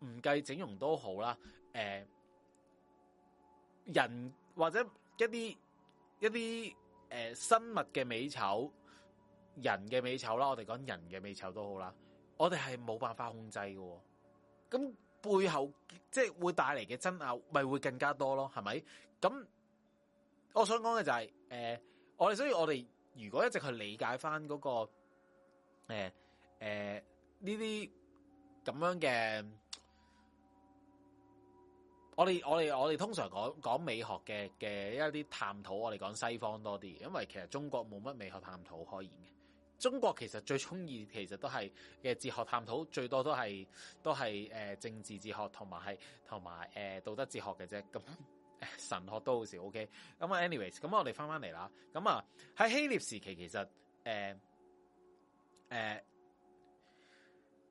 唔計整容都好啦。誒、呃，人或者一啲一啲誒、呃，生物嘅美醜，人嘅美醜啦，我哋講人嘅美醜都好啦，我哋係冇辦法控制嘅、哦。咁背後即係、就是、會帶嚟嘅爭拗，咪會更加多咯，係咪？咁，我想講嘅就係、是，誒，我哋，所以我哋如果一直去理解翻、那、嗰個，誒、呃，誒、呃，呢啲咁樣嘅，我哋我哋我哋通常講講美學嘅嘅一啲探討，我哋講西方多啲，因為其實中國冇乜美學探討可言嘅。中國其實最中意其實都係嘅哲學探討，最多都係都係誒政治哲學同埋係同埋誒道德哲學嘅啫。咁。神學都好少，OK anyway。咁啊，anyways，咁我哋返返嚟啦。咁啊，喺希臘時期其實，誒、呃，誒、呃，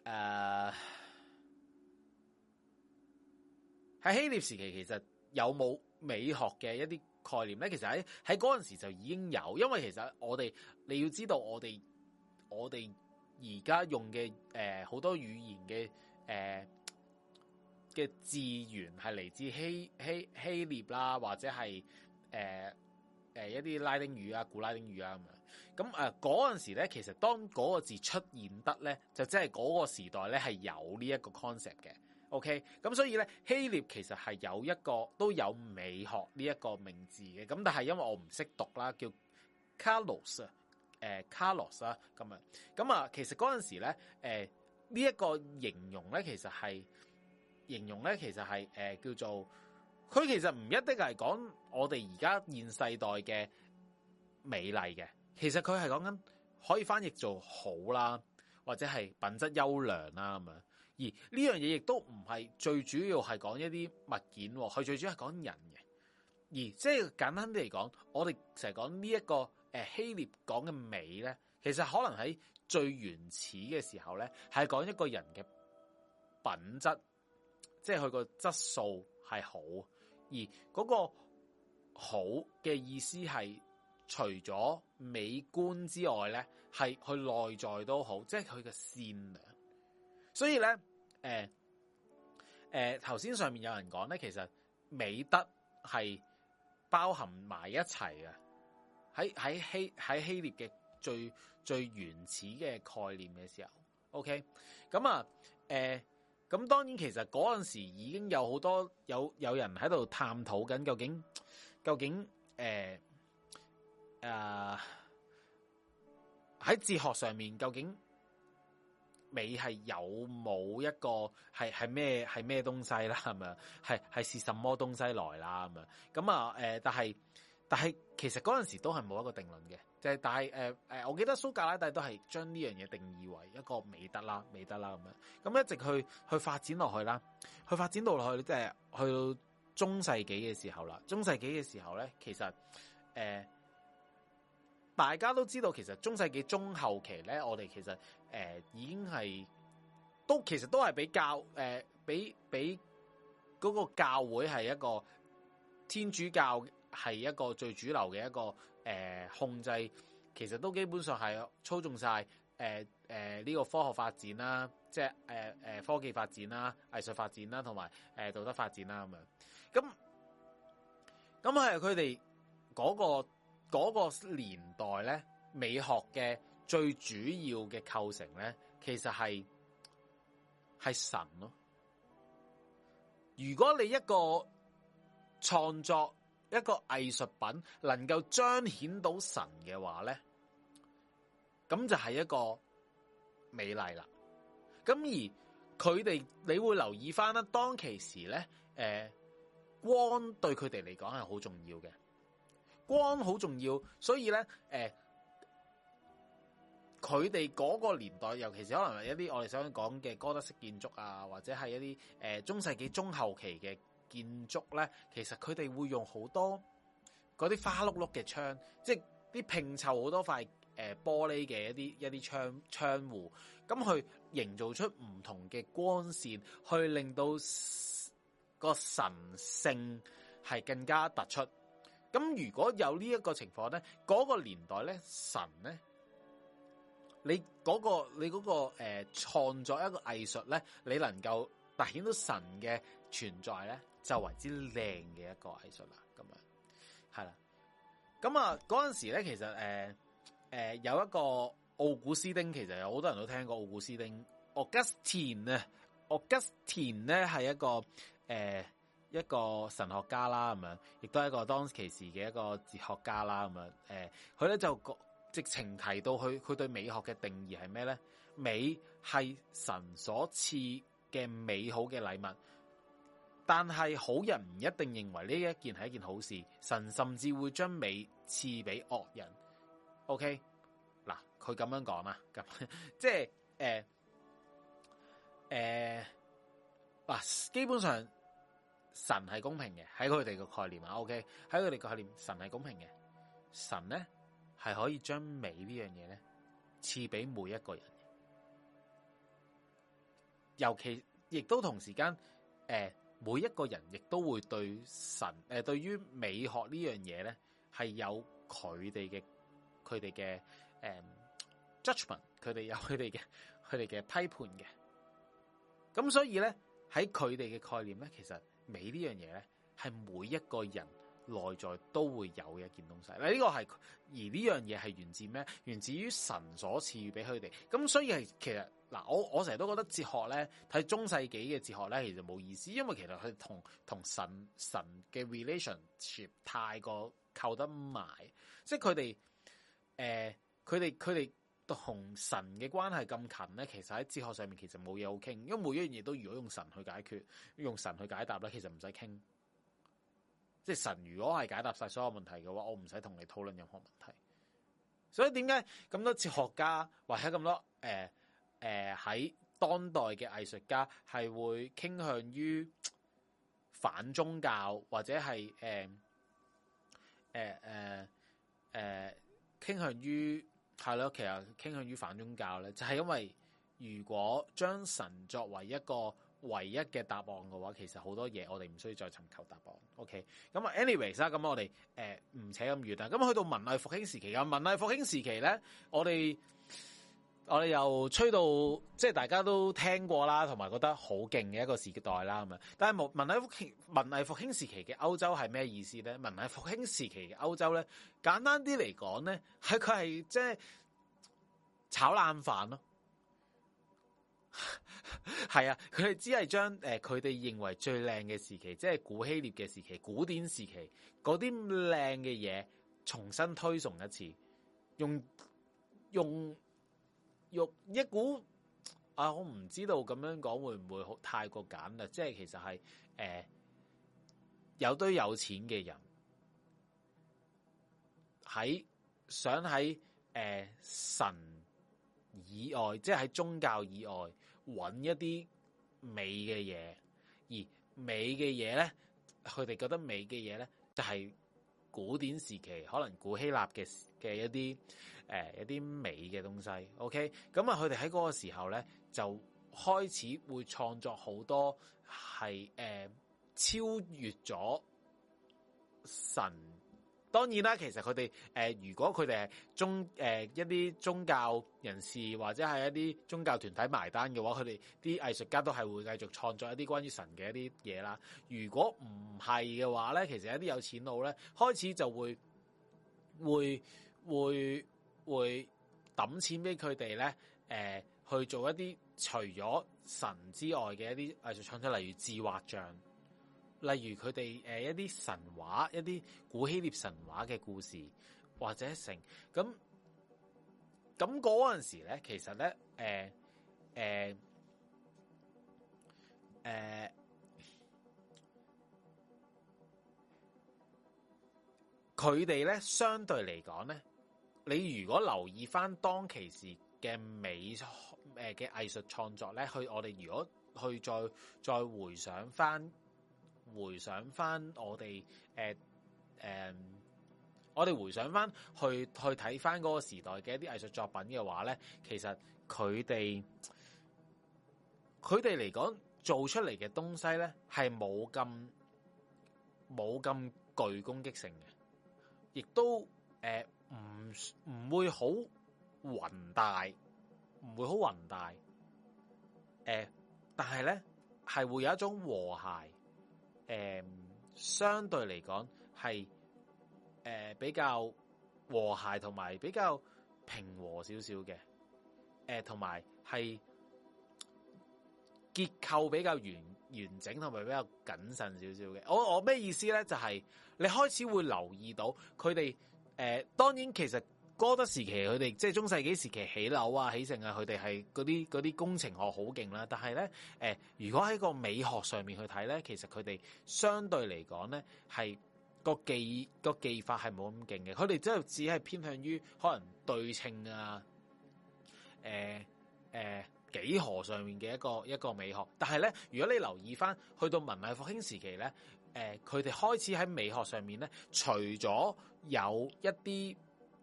誒、呃，喺希臘時期其實有冇美學嘅一啲概念咧？其實喺喺嗰陣時就已經有，因為其實我哋你要知道我哋我哋而家用嘅誒好多語言嘅誒。呃嘅字源係嚟自希希希臘啦，或者係誒誒一啲拉丁語啊、古拉丁語啊咁樣。咁誒嗰陣時咧，其實當嗰個字出現得咧，就即係嗰個時代咧係有呢一個 concept 嘅。OK，咁所以咧，希臘其實係有一個都有美學呢一個名字嘅。咁但係因為我唔識讀啦，叫 Carlos 誒 Carlos 啊咁樣。咁啊、呃，其實嗰陣時咧，誒呢一個形容咧，其實係。形容咧，其實係誒、呃、叫做，佢其實唔一定係講我哋而家現世代嘅美麗嘅，其實佢係講緊可以翻譯做好啦，或者係品質優良啦咁樣。而呢樣嘢亦都唔係最主要係講一啲物件，佢最主要係講人嘅。而即係簡單啲嚟講，我哋成日講呢一個誒希臘講嘅美咧，其實可能喺最原始嘅時候咧，係講一個人嘅品質。即係佢個質素係好，而嗰個好嘅意思係除咗美觀之外咧，係佢內在都好，即係佢嘅善良。所以咧，誒、呃、誒，頭、呃、先上面有人講咧，其實美德係包含埋一齊嘅。喺喺希喺希臘嘅最最原始嘅概念嘅時候，OK，咁啊，誒、呃。咁當然，其實嗰陣時已經有好多有有人喺度探討緊，究竟究竟誒啊喺哲學上面究竟美係有冇一個係係咩係咩東西啦？係咪？係係是什麼東西來啦？咁樣？咁啊、呃、但係。但係其實嗰陣時都係冇一個定論嘅，就係但係誒誒，我記得蘇格拉底都係將呢樣嘢定義為一個美德啦，美德啦咁樣，咁一直去去發展落去啦，去發展到落去，去，去即係去到中世紀嘅時候啦，中世紀嘅時候咧，其實誒、呃、大家都知道，其實中世紀中後期咧，我哋其實誒、呃、已經係都其實都係比較誒、呃、比比嗰個教會係一個天主教。係一個最主流嘅一個誒、呃、控制，其實都基本上係操縱晒誒誒呢個科學發展啦，即係誒誒科技發展啦、藝術發展啦，同埋誒道德發展啦咁樣那。咁咁係佢哋嗰個、嗰個年代咧，美學嘅最主要嘅構成咧，其實係係神咯、啊。如果你一個創作，一個藝術品能夠彰顯到神嘅話咧，咁就係一個美麗啦。咁而佢哋你會留意翻啦。當其時咧，誒、呃，光對佢哋嚟講係好重要嘅，光好重要。所以咧，誒、呃，佢哋嗰個年代，尤其是可能係一啲我哋想講嘅哥德式建築啊，或者係一啲誒、呃、中世紀中後期嘅。建築咧，其實佢哋會用好多嗰啲花碌碌嘅窗，即係啲拼湊好多塊誒玻璃嘅一啲一啲窗窗戶，咁去營造出唔同嘅光線，去令到個神性係更加突出。咁如果有呢一個情況咧，嗰個年代咧神咧，你嗰個你嗰個誒創作一個藝術咧，你能夠凸顯到神嘅存在咧，就為之靚嘅一個藝術啦，咁樣係啦。咁啊，嗰陣時咧，其實誒誒、呃呃，有一個奧古斯丁，其實有好多人都聽過奧古斯丁。Augustine 咧係一個誒、呃、一個神學家啦，咁樣亦都係一個當其時嘅一個哲學家啦，咁樣誒，佢咧就直情提到佢佢對美學嘅定義係咩咧？美係神所賜嘅美好嘅禮物。但係好人唔一定認為呢一件係一件好事，神甚至會將美賜俾惡人。OK，嗱，佢咁樣講、呃呃、啊，咁即係誒誒，嗱，基本上神係公平嘅，喺佢哋嘅概念啊。OK，喺佢哋嘅概念，神係公平嘅，神咧係可以將美呢樣嘢咧賜俾每一個人，尤其亦都同時間誒。呃每一個人亦都會對神誒、呃，對於美學這件事呢樣嘢咧，係有佢哋嘅佢哋嘅誒、嗯、judgment 佢哋有佢哋嘅佢哋嘅批判嘅。咁所以咧喺佢哋嘅概念咧，其實美這件事呢樣嘢咧係每一個人，內在都會有嘅一件東西，嗱呢個係而呢樣嘢係源自咩？源自於神所賜予俾佢哋。咁所以係其實嗱，我我成日都覺得哲學咧睇中世紀嘅哲學咧，其實冇意思，因為其實佢同同神神嘅 relationship 太過扣得埋，即係佢哋誒佢哋佢哋同神嘅關係咁近咧，其實喺哲學上面其實冇嘢好傾，因為每一樣嘢都如果用神去解決，用神去解答咧，其實唔使傾。即係神，如果係解答晒所有問題嘅話，我唔使同你討論任何問題。所以點解咁多哲學家，或者咁多誒誒喺當代嘅藝術家係會傾向於反宗教，或者係誒誒誒誒傾向於係咯，其實傾向於反宗教咧，就係因為如果將神作為一個唯一嘅答案嘅話，其實好多嘢我哋唔需要再尋求答案。OK，咁啊，anyways 啦，咁我哋誒唔扯咁遠啦。咁去到文藝復興時期啊，文藝復興時期咧，我哋我哋又吹到即係大家都聽過啦，同埋覺得好勁嘅一個時代啦。咁啊，但係文文藝復興文藝復興時期嘅歐洲係咩意思咧？文藝復興時期嘅歐洲咧，簡單啲嚟講咧，係佢係即係炒冷飯咯。係 啊，佢哋只係將誒，佢哋認為最靚嘅時期，即係古希臘嘅時期、古典時期嗰啲靚嘅嘢，那些的東西重新推崇一次，用用用一股啊，我唔知道咁樣講會唔會好太過簡啦。即係其實係誒、呃，有堆有錢嘅人喺想喺誒、呃、神以外，即係喺宗教以外。搵一啲美嘅嘢，而美嘅嘢咧，佢哋覺得美嘅嘢咧，就係古典時期，可能古希臘嘅嘅一啲誒一啲美嘅東西。OK，咁啊，佢哋喺嗰個時候咧，就開始會創作好多係誒超越咗神。當然啦，其實佢哋、呃、如果佢哋係宗、呃、一啲宗教人士或者係一啲宗教團體埋單嘅話，佢哋啲藝術家都係會繼續創作一啲關於神嘅一啲嘢啦。如果唔係嘅話咧，其實一啲有錢佬咧開始就會會會會揼錢俾佢哋咧、呃、去做一啲除咗神之外嘅一啲藝術創作，例如自畫像。例如佢哋誒一啲神話、一啲古希臘神話嘅故事或者成咁咁嗰陣時咧，其實咧誒誒誒，佢哋咧相對嚟講咧，你如果留意返當其時嘅美誒嘅藝術創作咧，佢我哋如果去再再回想返。回想翻我哋誒誒，我哋回想翻去去睇翻嗰個時代嘅一啲藝術作品嘅話咧,其實佢哋佢哋嚟講做出嚟嘅東西咧，係冇咁冇咁具攻擊性嘅，亦都誒唔唔會好宏大，唔會好宏大誒、呃。但係咧係會有一種和諧。誒、嗯，相對嚟講係誒比較和諧同埋比較平和少少嘅，誒同埋係結構比較完完整同埋比較謹慎少少嘅。我我咩意思咧？就係、是、你開始會留意到佢哋誒，當然其實。歌德時期他們，佢哋即係中世紀時期起樓啊、起城啊，佢哋係嗰啲啲工程學好勁啦。但係咧，誒、呃，如果喺個美學上面去睇咧，其實佢哋相對嚟講咧，係個技個技法係冇咁勁嘅。佢哋真係只係偏向於可能對稱啊，誒、呃、誒、呃、幾何上面嘅一個一個美學。但係咧，如果你留意返去到文藝復興時期咧，誒、呃，佢哋開始喺美學上面咧，除咗有一啲。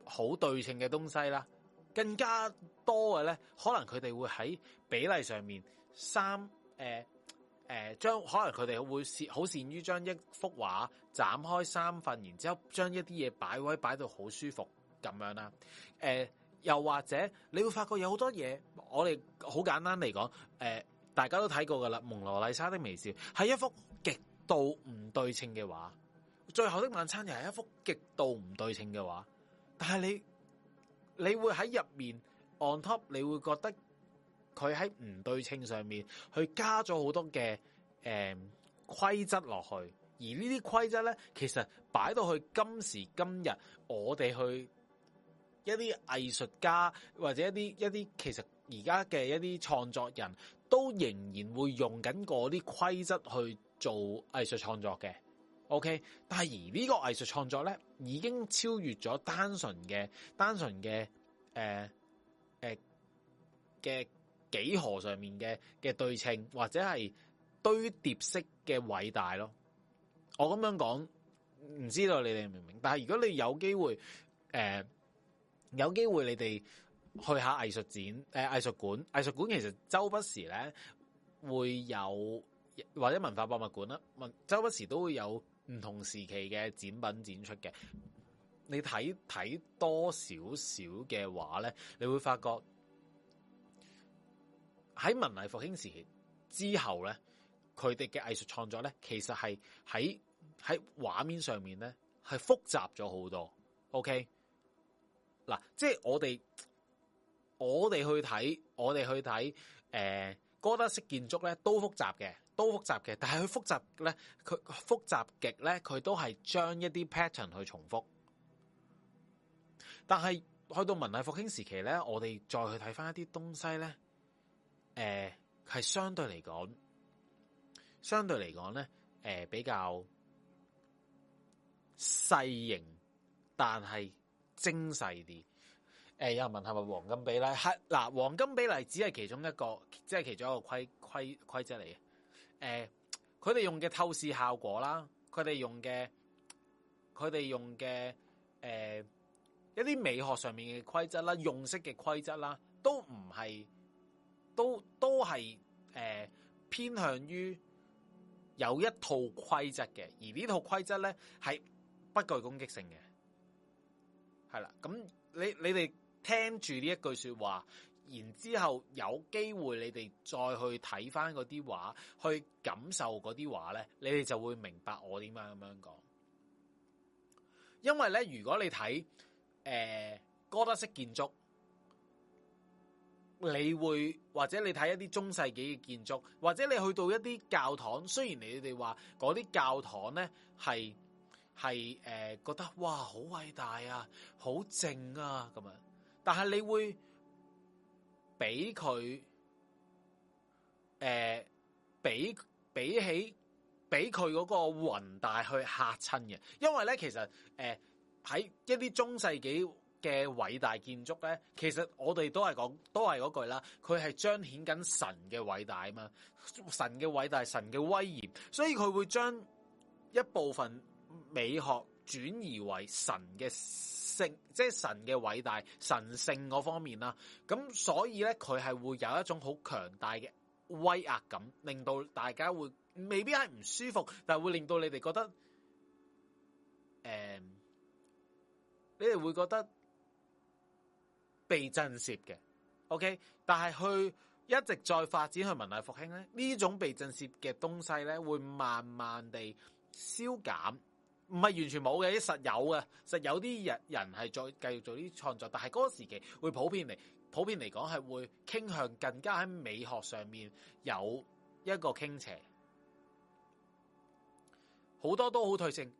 好對稱嘅東西啦，更加多嘅呢，可能佢哋會喺比例上面三誒誒，將、呃呃、可能佢哋會善好善於將一幅畫斬開三份，然之後將一啲嘢擺位擺到好舒服咁樣啦。誒、呃，又或者你會發覺有好多嘢，我哋好簡單嚟講，誒、呃，大家都睇過㗎喇，《蒙羅麗莎的微笑》係一幅極度唔對稱嘅畫，《最後的晚餐》又係一幅極度唔對稱嘅畫。但係你，你會喺入面 o n t o p，你會覺得佢喺唔對稱上面去加咗好多嘅、誒、呃、規則落去，而呢啲規則咧，其實擺到去今時今日，我哋去一啲藝術家或者一啲一啲，其實而家嘅一啲創作人都仍然會用緊啲規則去做藝術創作嘅。OK，但係而呢個藝術創作咧。已經超越咗單純嘅單純嘅誒誒嘅幾何上面嘅嘅對稱，或者係堆疊式嘅偉大咯。我咁樣講，唔知道你哋明唔明？但係如果你有機會誒、呃，有機會你哋去下藝術展誒藝術館，藝術館其實周不時咧會有，或者文化博物館啦，文周不時都會有。唔同時期嘅展品展出嘅，你睇睇多少少嘅話咧，你會發覺喺文藝復興時期之後咧，佢哋嘅藝術創作咧，其實係喺喺畫面上面咧係複雜咗好多。OK，嗱，即係我哋我哋去睇我哋去睇誒哥德式建築咧都複雜嘅。都複雜嘅，但係佢複雜咧，佢複雜極咧，佢都係將一啲 pattern 去重複。但係去到文藝復興時期咧，我哋再去睇返一啲東西咧，誒、呃，係相對嚟講，相對嚟講咧，誒、呃，比較細型，但係精細啲。誒、呃，有人問係咪黃金比例？係嗱、呃，黃金比例只係其中一個，即係其中一個規規規則嚟嘅。誒，佢哋、呃、用嘅透視效果啦，佢哋用嘅，佢哋用嘅，誒、呃，一啲美學上面嘅規則啦，用色嘅規則啦，都唔係，都都係，誒、呃，偏向於有一套規則嘅，而呢套規則咧係不具攻擊性嘅，係啦，咁你你哋聽住呢一句說話。然之後有機會你哋再去睇翻嗰啲畫，去感受嗰啲畫呢，你哋就會明白我點解咁樣講。因為呢，如果你睇誒哥德式建築，你會，或者你睇一啲中世紀嘅建築，或者你去到一啲教堂，雖然你哋話嗰啲教堂呢係係誒覺得哇好偉大啊，好靜啊咁啊樣，但係你會。俾佢誒，比比起俾佢嗰個宏大去嚇親嘅，因為咧，其實誒喺、呃、一啲中世紀嘅偉大建築咧，其實我哋都係講都係嗰句啦，佢係彰顯緊神嘅偉大嘛，神嘅偉大，神嘅威嚴，所以佢會將一部分美學。轉移為神嘅性，即係神嘅偉大、神性嗰方面啦。咁所以咧，佢係會有一種好強大嘅威壓感，令到大家會未必係唔舒服，但係會令到你哋覺得，誒、嗯，你哋會覺得被震懾嘅。OK，但係去一直在發展去文藝復興咧，呢種被震懾嘅東西咧，會慢慢地消減。唔係完全冇嘅，啲實有嘅，實有啲人人係再繼續做啲創作，但係嗰個時期會普遍嚟，普遍嚟講係會傾向更加喺美學上面有一個傾斜，好多都好對稱，誒、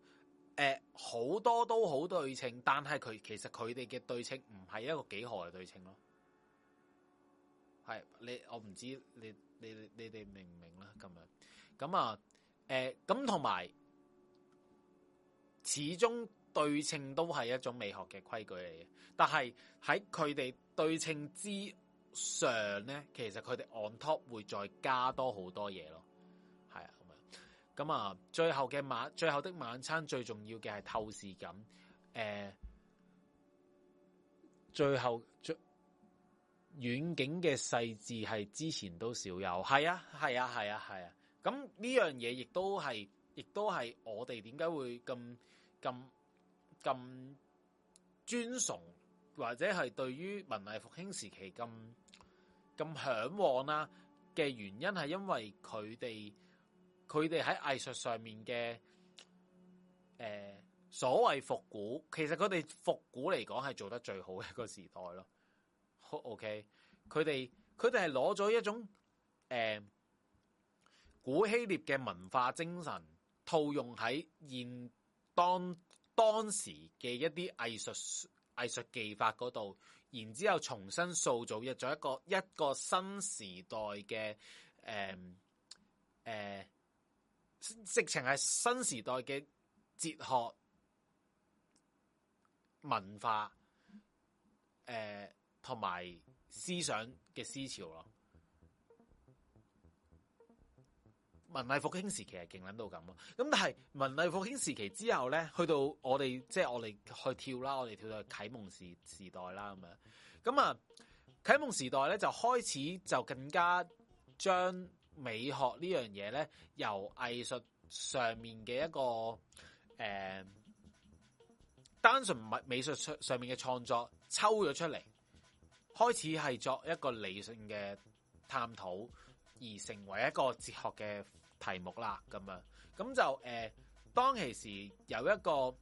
呃，好多都好對稱，但係佢其實佢哋嘅對稱唔係一個幾何嘅對稱咯，係你我唔知你你你哋明唔明啦咁樣，咁啊誒，咁同埋。始終對稱都係一種美學嘅規矩嚟嘅，但係喺佢哋對稱之上咧，其實佢哋 on top 會再加多好多嘢咯，係啊，咁啊，最後嘅晚最後的晚餐最重要嘅係透視感，誒、呃，最後最遠景嘅細緻係之前都少有，係啊，係啊，係啊，係啊，咁呢、啊、樣嘢亦都係，亦都係我哋點解會咁。咁咁尊崇，或者係對於文藝復興時期咁咁向往啦嘅原因，係因為佢哋佢哋喺藝術上面嘅誒所謂復古，其實佢哋復古嚟講係做得最好嘅一個時代咯。好，OK，佢哋佢哋係攞咗一種誒古希臘嘅文化精神套用喺現。當當時嘅一啲藝術藝術技法度，然之後重新塑造入咗一個一個新時代嘅誒誒，直情係新時代嘅哲學文化誒同埋思想嘅思潮咯。文藝復興時期係勁捻到咁啊！咁但係文藝復興時期之後咧，去到我哋即係我哋去跳啦，我哋跳到啟蒙時時代啦咁樣。咁啊，啟蒙時代咧，就開始就更加將美學呢樣嘢咧，由藝術上面嘅一個誒、呃，單純美美術上上面嘅創作抽咗出嚟，開始係作一個理性嘅探討，而成為一個哲學嘅。題目啦，咁樣，咁就誒、呃，當其時有一個誒、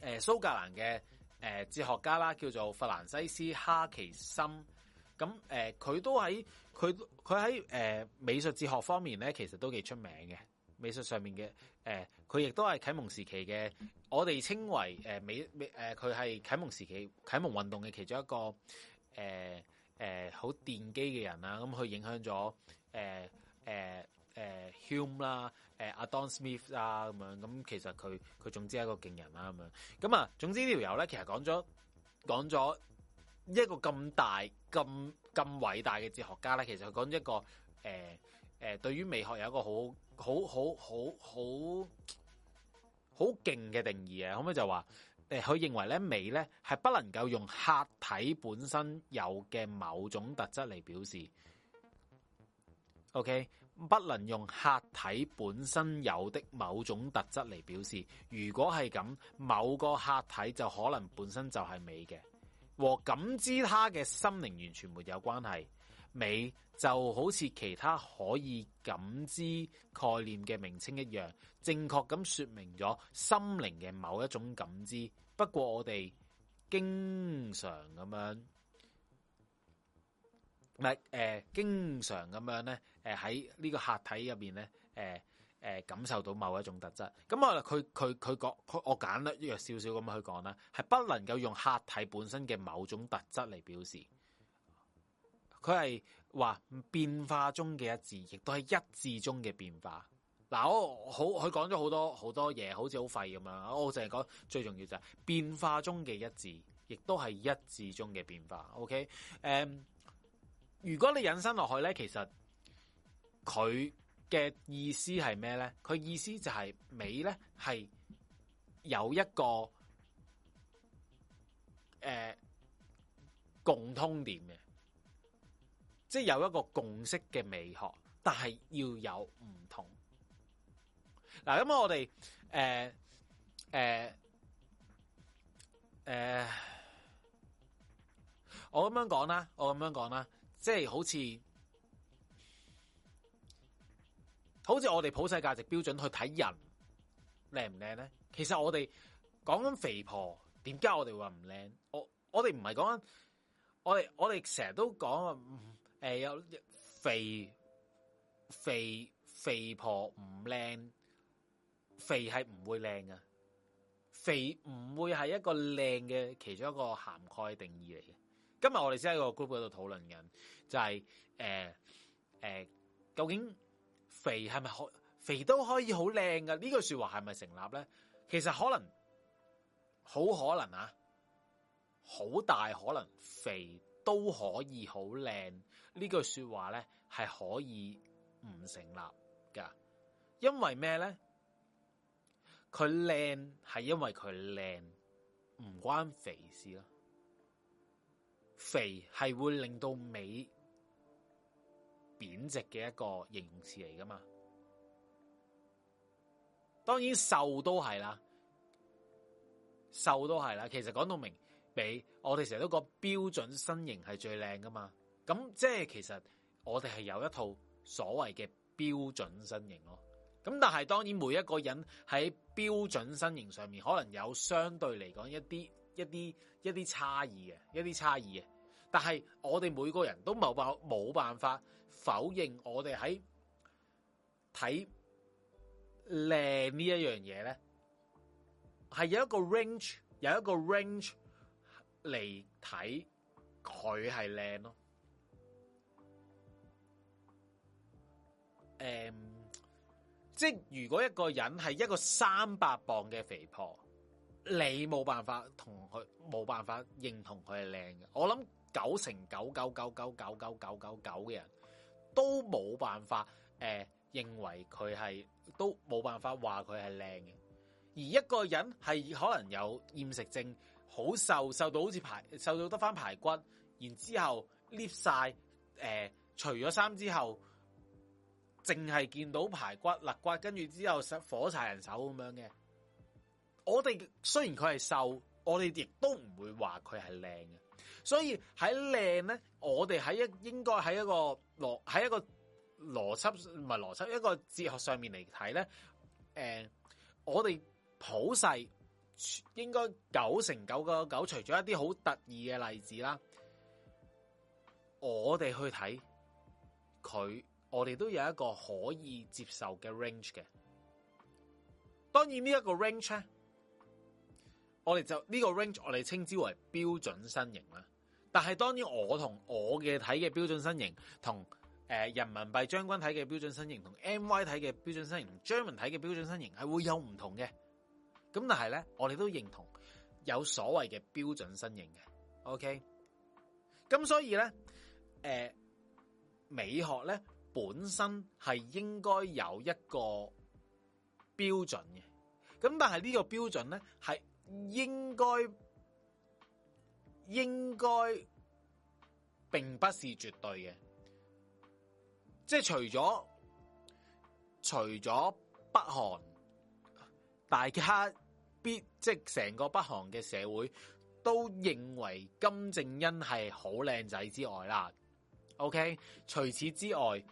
呃、蘇格蘭嘅誒、呃、哲學家啦，叫做弗蘭西斯哈奇森。咁佢、呃、都喺佢佢喺美術哲學方面咧，其實都幾出名嘅，美術上面嘅佢亦都係啟蒙時期嘅，我哋稱為、呃、美佢係、呃、啟蒙時期啟蒙運動嘅其中一個好、呃呃、奠基嘅人啦。咁佢影響咗誒，Hume 啦，誒，Adam Smith 啊，咁樣咁，其實佢佢總之係一個勁人啦，咁樣咁啊。總之呢條友咧，其實講咗講咗一個咁大咁咁偉大嘅哲學家咧，其實佢講一個誒誒、呃呃，對於美學有一個好好好好好好勁嘅定義啊。可唔可以就話誒，佢、呃、認為咧美咧係不能夠用客體本身有嘅某種特質嚟表示。OK。不能用客體本身有的某種特質嚟表示。如果係咁，某個客體就可能本身就係美嘅，和感知他嘅心靈完全沒有關係。美就好似其他可以感知概念嘅名稱一樣，正確咁說明咗心靈嘅某一種感知。不過我哋經常咁樣。唔係誒、呃，經常咁樣咧，誒喺呢個客體入邊咧，誒、呃、誒、呃、感受到某一種特質。咁啊，佢佢佢講，我我揀咧弱少少咁去講啦，係不能夠用客體本身嘅某種特質嚟表示。佢係話變化中嘅一致，亦都係一致中嘅變化。嗱，我好佢講咗好多好多嘢，好似好廢咁樣。我淨係講最重要就係變化中嘅一致，亦都係一致中嘅變化。OK，誒、um,。如果你引申落去咧，其實佢嘅意思係咩咧？佢意思就係美咧係有一個誒、呃、共通點嘅，即係有一個共識嘅美學，但係要有唔同。嗱，咁我哋誒誒誒，我咁樣講啦，我咁樣講啦。即係好似，好似我哋普世價值標準去睇人靚唔靚咧？其實我哋講緊肥婆，點解我哋會話唔靚？我我哋唔係講，我哋我哋成日都講啊，誒、嗯欸，有肥肥肥婆唔靚，肥係唔會靚㗎，肥唔會係一個靚嘅其中一個涵蓋定義嚟嘅。今日我哋先喺個 group 嗰度討論緊，就係誒誒，究竟肥係咪可肥都可以好靚噶？呢句說話係咪成立咧？其實可能好可能啊，好大可能肥都可以好靚。句呢句說話咧係可以唔成立噶因為咩咧？佢靚係因為佢靚，唔關肥事咯。肥係會令到美貶值嘅一個形容詞嚟噶嘛？當然瘦都係啦，瘦都係啦。其實講到明美，我哋成日都講標準身形係最靚噶嘛？咁即係其實我哋係有一套所謂嘅標準身形咯。咁但係當然每一個人喺標準身形上面，可能有相對嚟講一啲。一啲一啲差異嘅，一啲差異嘅，但係我哋每個人都冇辦冇辦法否認我，我哋喺睇靚呢一樣嘢咧，係有一個 range，有一個 range 嚟睇佢係靚咯。Um, 即係如果一個人係一個三百磅嘅肥婆。你冇辦法同佢冇辦法認同佢係靚嘅，我諗九成九九九九九九九九九嘅人都冇辦法誒、呃、認為佢係都冇辦法話佢係靚嘅，而一個人係可能有厭食症，好瘦瘦到好似排瘦到得翻排骨，然之後 lift 晒，誒除咗衫之後，淨係見到排骨肋骨，跟住之後實火柴人手咁樣嘅。我哋雖然佢係瘦，我哋亦都唔會話佢係靚嘅。所以喺靚咧，我哋喺一應該喺一個邏喺一個邏輯唔係邏輯，一個哲學上面嚟睇咧。誒、嗯，我哋普世應該九成九個九，除咗一啲好特異嘅例子啦，我哋去睇佢，我哋都有一個可以接受嘅 range 嘅。當然呢一個 range 咧。我哋就呢個 range，我哋稱之為標準身形啦。但係當然，我同我嘅睇嘅標準身形，同誒人民幣將軍睇嘅標準身形，同 M Y 睇嘅標準身形，同張 e r 睇嘅標準身形係會有唔同嘅。咁但係咧，我哋都認同有所謂嘅標準身形嘅。OK，咁所以咧，誒，美學咧本身係應該有一個標準嘅。咁但係呢個標準咧係。應該應該並不是絕對嘅，即係除咗除咗北韓，大家必即成個北韓嘅社會都認為金正恩係好靚仔之外啦。OK，除此之外，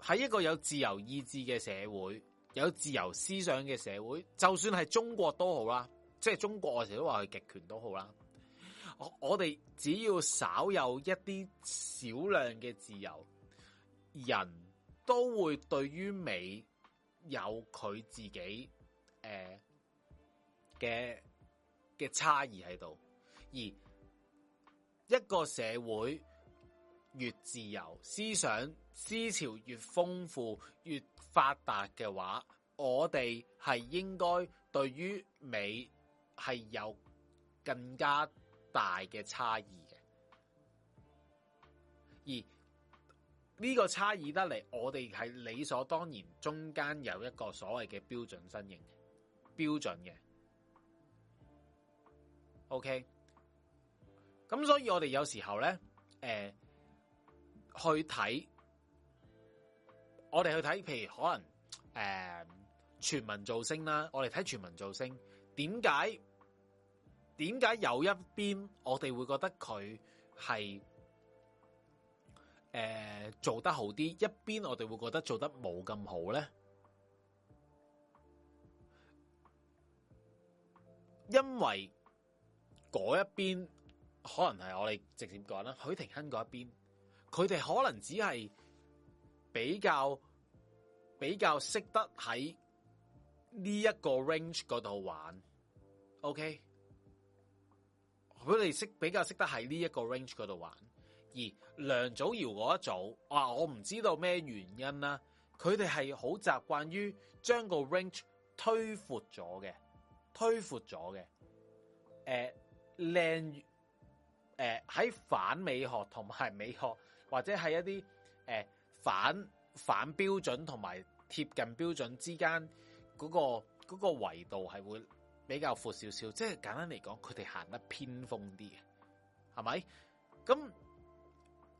喺一個有自由意志嘅社會。有自由思想嘅社會，就算係中國都好啦，即係中國我成日都話係極權都好啦。我我哋只要稍有一啲少量嘅自由，人都會對於美有佢自己誒嘅嘅差異喺度。而一個社會越自由思想，思潮越豐富越發達嘅話，我哋係應該對於美係有更加大嘅差異嘅，而呢個差異得嚟，我哋係理所當然中間有一個所謂嘅標準身形，標準嘅。OK，咁所以我哋有時候呢，誒、呃，去睇。我哋去睇，譬如可能，誒、呃，全民造星啦，我哋睇全民造星，點解點解有一邊我哋會覺得佢係誒做得好啲，一邊我哋會覺得做得冇咁好咧？因為嗰一邊可能係我哋直接講啦，許廷鏗嗰一邊，佢哋可能只係。比較比較識得喺呢一個 range 嗰度玩，OK 佢哋識比較識得喺呢一個 range 嗰度玩。而梁祖堯嗰一組，啊、我我唔知道咩原因啦、啊。佢哋係好習慣於將個 range 推闊咗嘅，推闊咗嘅。誒、呃，靚誒喺反美學同埋美學，或者係一啲誒。呃反反標準同埋貼近標準之間嗰個嗰個維度係會比較闊少少，即係簡單嚟講，佢哋行得偏鋒啲嘅，係咪？咁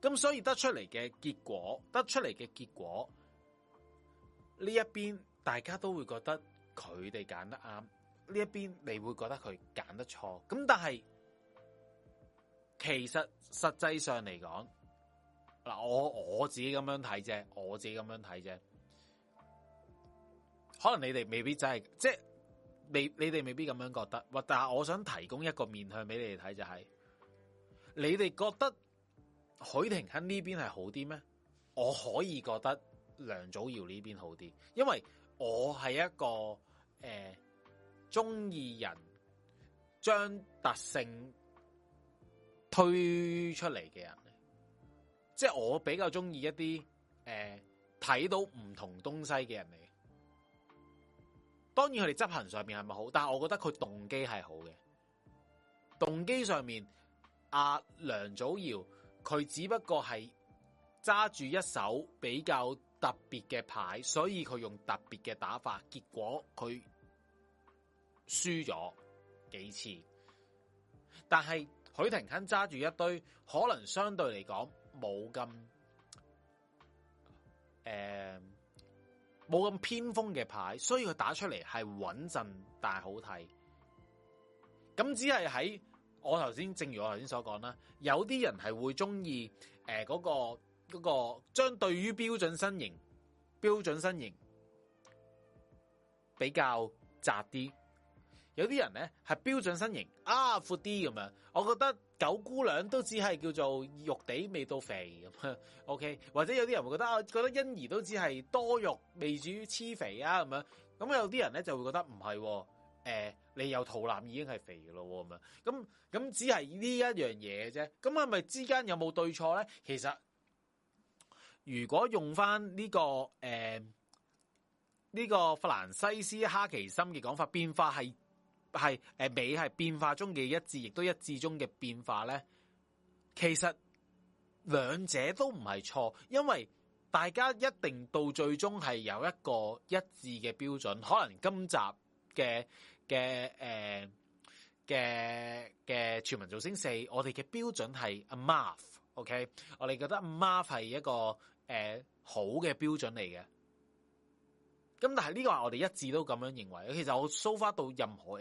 咁所以得出嚟嘅結果，得出嚟嘅結果呢一邊，大家都會覺得佢哋揀得啱；呢一邊，你會覺得佢揀得錯。咁但係其實實際上嚟講。嗱，我我自己咁樣睇啫，我自己咁樣睇啫。可能你哋未必真係，即係未，你哋未必咁樣覺得。喂，但係我想提供一個面向俾你哋睇，就是，就係你哋覺得許廷鏗喺呢邊係好啲咩？我可以覺得梁祖堯呢邊好啲，因為我係一個誒、呃、中意人將特性推出嚟嘅人。即係我比較中意一啲誒睇到唔同東西嘅人嚟，當然佢哋執行上面係咪好？但係我覺得佢動機係好嘅，動機上面阿、啊、梁祖堯佢只不過係揸住一手比較特別嘅牌，所以佢用特別嘅打法，結果佢輸咗幾次。但係許廷鏗揸住一堆可能相對嚟講。冇咁誒，冇咁、呃、偏鋒嘅牌，所以佢打出嚟係穩陣，但係好睇。咁只係喺我頭先，正如我頭先所講啦，有啲人係會中意誒嗰個嗰、嗰個將對於標準身形、標準身形比較窄啲。有啲人咧係標準身形啊，闊啲咁樣，我覺得九姑娘都只係叫做肉地未到肥咁。O、okay? K，或者有啲人會覺得啊，覺得欣宜都只係多肉未至於黐肥啊咁樣。咁有啲人咧就會覺得唔係，喎、哦呃，你有肚腩已經係肥嘅咯咁樣。咁咁只係呢一樣嘢啫。咁係咪之間有冇對錯咧？其實如果用翻呢、這個呢、呃這個法蘭西斯哈奇森嘅講法，變化係。係誒，美係變化中嘅一致，亦都一致中嘅變化咧。其實兩者都唔係錯，因為大家一定到最終係有一個一致嘅標準。可能今集嘅嘅誒嘅嘅全民造星四，我哋嘅標準係阿 Marv，OK，、okay? 我哋覺得 Marv 係一個誒、呃、好嘅標準嚟嘅。咁但係呢個係我哋一致都咁樣認為，其實我 so far 到任何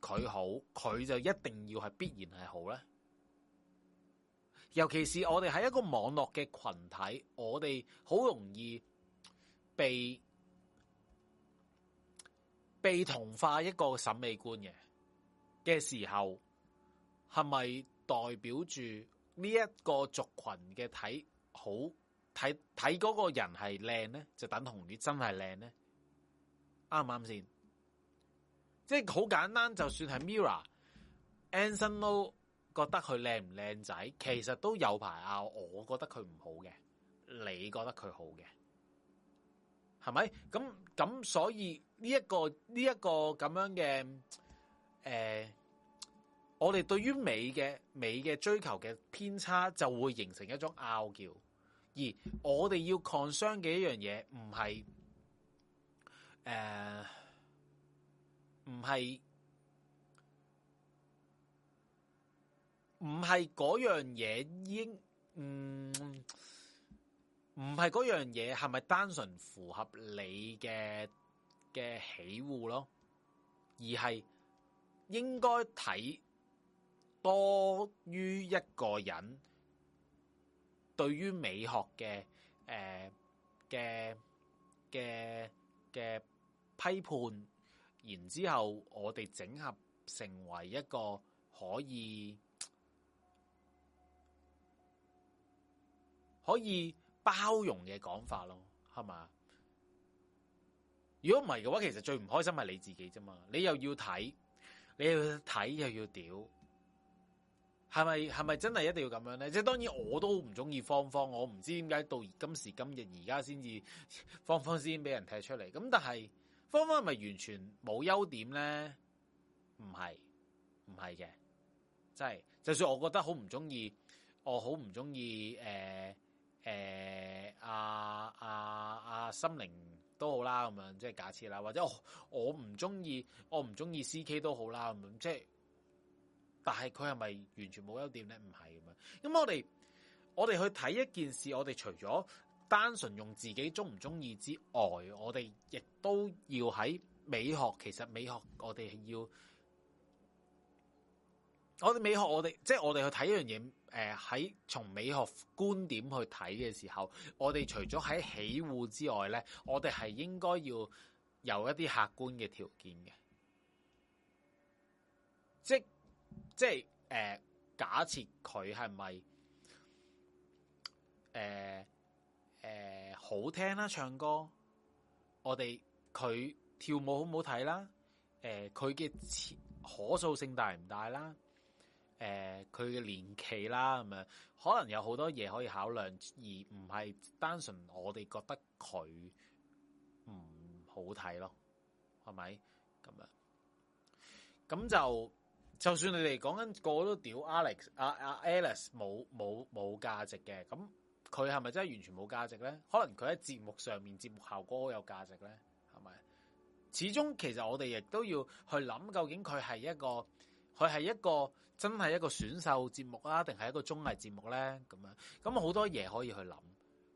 佢好，佢就一定要係必然係好咧。尤其是我哋喺一個網絡嘅群體，我哋好容易被被同化一個審美觀嘅嘅時候，係咪代表住呢一個族群嘅睇好睇睇嗰個人係靚咧，就等同於真係靚咧？啱唔啱先？即係好簡單，就算係 Mirror、Anson Lo 都覺得佢靚唔靚仔，其實都有排拗。我覺得佢唔好嘅，你覺得佢好嘅，係咪？咁咁所以呢、這、一個呢一、這個咁樣嘅誒、呃，我哋對於美嘅美嘅追求嘅偏差，就會形成一種拗撬。而我哋要 concern 嘅一樣嘢，唔係誒。唔係唔係嗰樣嘢應，唔唔係嗰樣嘢係咪單純符合你嘅嘅喜惡咯？而係應該睇多於一個人對於美學嘅誒嘅嘅嘅批判。然之後，我哋整合成為一個可以可以包容嘅講法咯，係嘛？如果唔係嘅話，其實最唔開心係你自己啫嘛，你又要睇，你又睇又要屌，係咪係咪真係一定要咁樣咧？即係當然我都唔中意方方，我唔知點解到今時今日而家先至方方先俾人踢出嚟，咁但係。方方係咪完全冇優點咧？唔係，唔係嘅，即係。就算我覺得好唔中意，我不、呃呃啊啊啊、好唔中意，誒誒，阿阿阿心靈都好啦，咁樣即係假設啦，或者我唔中意，我唔中意 C K 都好啦，咁樣即係。但係佢係咪完全冇優點咧？唔係咁啊。咁我哋我哋去睇一件事，我哋除咗，單純用自己鍾唔鍾意之外，我哋亦都要喺美學。其實美學，我哋係要我哋美學我們，我哋即係我哋去睇一樣嘢。誒、呃，喺從美學觀點去睇嘅時候，我哋除咗喺喜惡之外咧，我哋係應該要有一啲客觀嘅條件嘅。即即係誒、呃，假設佢係咪誒？呃誒，好聽啦，唱歌，我哋佢跳舞好唔好睇啦？誒，佢嘅可塑性大唔大啦？誒，佢嘅年期啦，咁樣可能有好多嘢可以考量，而唔係單純我哋覺得佢唔好睇咯，係咪？咁樣咁就就算你哋講緊個個都屌 Alex，啊 Alex 冇冇冇價值嘅咁。佢係咪真係完全冇價值呢？可能佢喺節目上面節目效果有價值呢？係咪？始終其實我哋亦都要去諗，究竟佢係一個佢係一個真係一個選秀節目啊，定係一個綜藝節目呢？咁樣咁好多嘢可以去諗。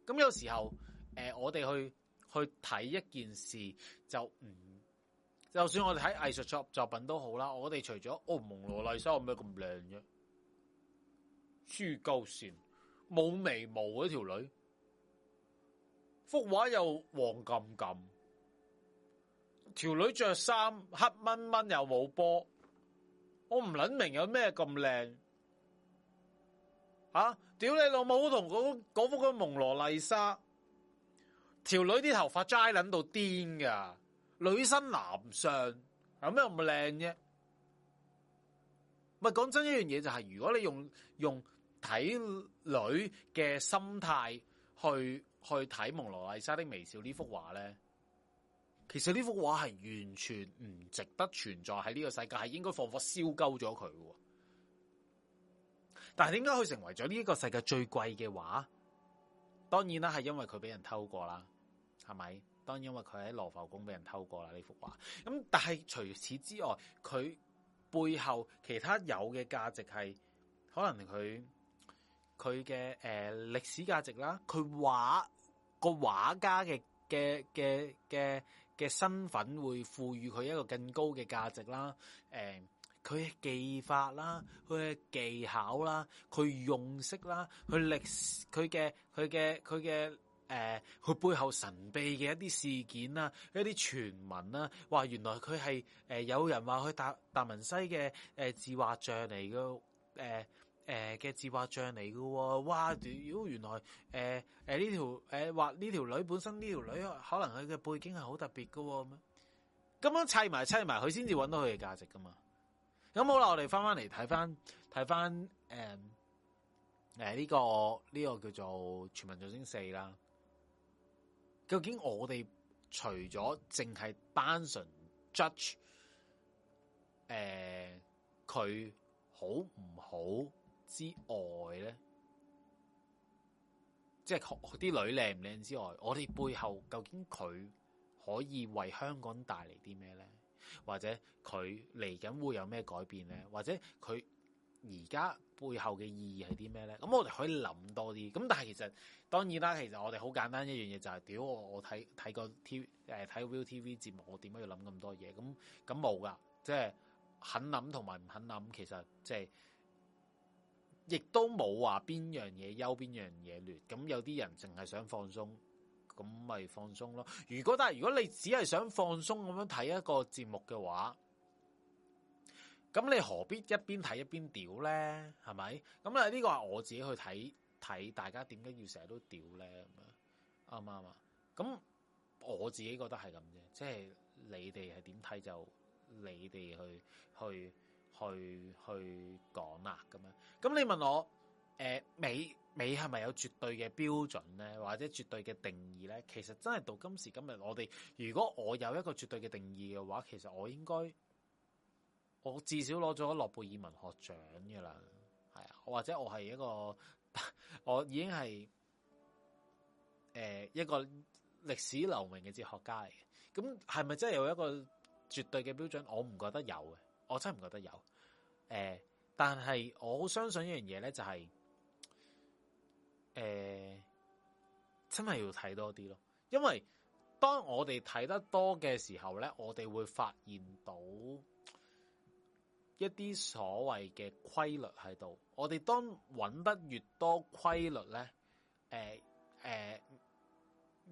咁有時候，呃，我哋去去睇一件事就唔，就算我哋睇藝術作作品都好啦。我哋除咗哦，蒙羅麗莎有咩咁靚嘅？書膠線。冇眉毛嗰、啊、條女，幅畫又黃金金，條女着衫黑蚊蚊又冇波，我唔捻明有咩咁靚，吓、啊，屌你老母同嗰嗰幅嘅蒙羅麗莎，條女啲頭髮齋捻到癲噶，女生男相有咩咁靚啫？唔係講真一、就是，一樣嘢就係如果你用用。睇女嘅心態去去睇蒙羅麗莎的微笑呢幅畫咧，其實呢幅畫係完全唔值得存在喺呢個世界，係應該放火燒鳩咗佢嘅。但係點解佢成為咗呢一個世界最貴嘅畫？當然啦，係因為佢俾人偷過啦，係咪？當然，因為佢喺羅浮宮俾人偷過啦呢幅畫。咁但係除此之外，佢背後其他有嘅價值係可能佢。佢嘅誒歷史價值啦，佢畫個畫家嘅嘅嘅嘅嘅身份會賦予佢一個更高嘅價值啦。誒、呃，佢嘅技法啦，佢嘅技巧啦，佢用色啦，佢歷佢嘅佢嘅佢嘅誒，佢、呃、背後神秘嘅一啲事件啦，一啲傳聞啦，話原來佢係誒有人話佢達達文西嘅誒自畫像嚟嘅誒。呃誒嘅、呃、自畫像嚟噶喎，哇！妖原來誒誒呢條誒畫呢條女本身呢條女可能佢嘅背景係好特別噶咩、哦？咁樣砌埋砌埋佢先至搵到佢嘅價值噶嘛？咁好啦，我哋翻翻嚟睇翻睇翻誒誒呢個呢、這個叫做全民造星四啦。究竟我哋除咗淨係單純 judge，誒、呃、佢好唔好？之外咧，即係啲女靚唔靚之外，我哋背後究竟佢可以為香港帶嚟啲咩咧？或者佢嚟緊會有咩改變咧？或者佢而家背後嘅意義係啲咩咧？咁我哋可以諗多啲。咁但係其實當然啦，其實我哋好簡單一樣嘢就係、是，屌我我睇睇個 TV 呃睇 ViuTV 節、呃、目，我點解要諗咁多嘢？咁咁冇㗎，即係肯諗同埋唔肯諗，其實即、就、係、是。亦都冇話邊樣嘢優邊樣嘢劣，咁有啲人淨係想放鬆，咁咪放鬆咯。如果但係如果你只係想放鬆咁樣睇一個節目嘅話，咁你何必一邊睇一邊屌呢？係咪？咁啊呢個係我自己去睇睇，大家點解要成日都屌呢？咁樣啱唔啱啊？咁我自己覺得係咁啫，即係你哋係點睇就你哋去去。去去去講啊咁樣，咁你問我，誒、呃、美美係咪有絕對嘅標準呢？或者絕對嘅定義呢？其實真係到今時今日，我，我哋如果我有一個絕對嘅定義嘅話，其實我應該，我至少攞咗諾貝爾文學獎噶啦，或者我係一個，我已經係、呃，一個歷史留名嘅哲學家嚟嘅，咁係咪真係有一個絕對嘅標準？我唔覺得有嘅。我真係唔覺得有，誒、呃，但係我相信一樣嘢咧，就係，誒，真係要睇多啲咯。因為當我哋睇得多嘅時候咧，我哋會發現到一啲所謂嘅規律喺度。我哋當揾得越多規律咧，誒、呃、誒、呃，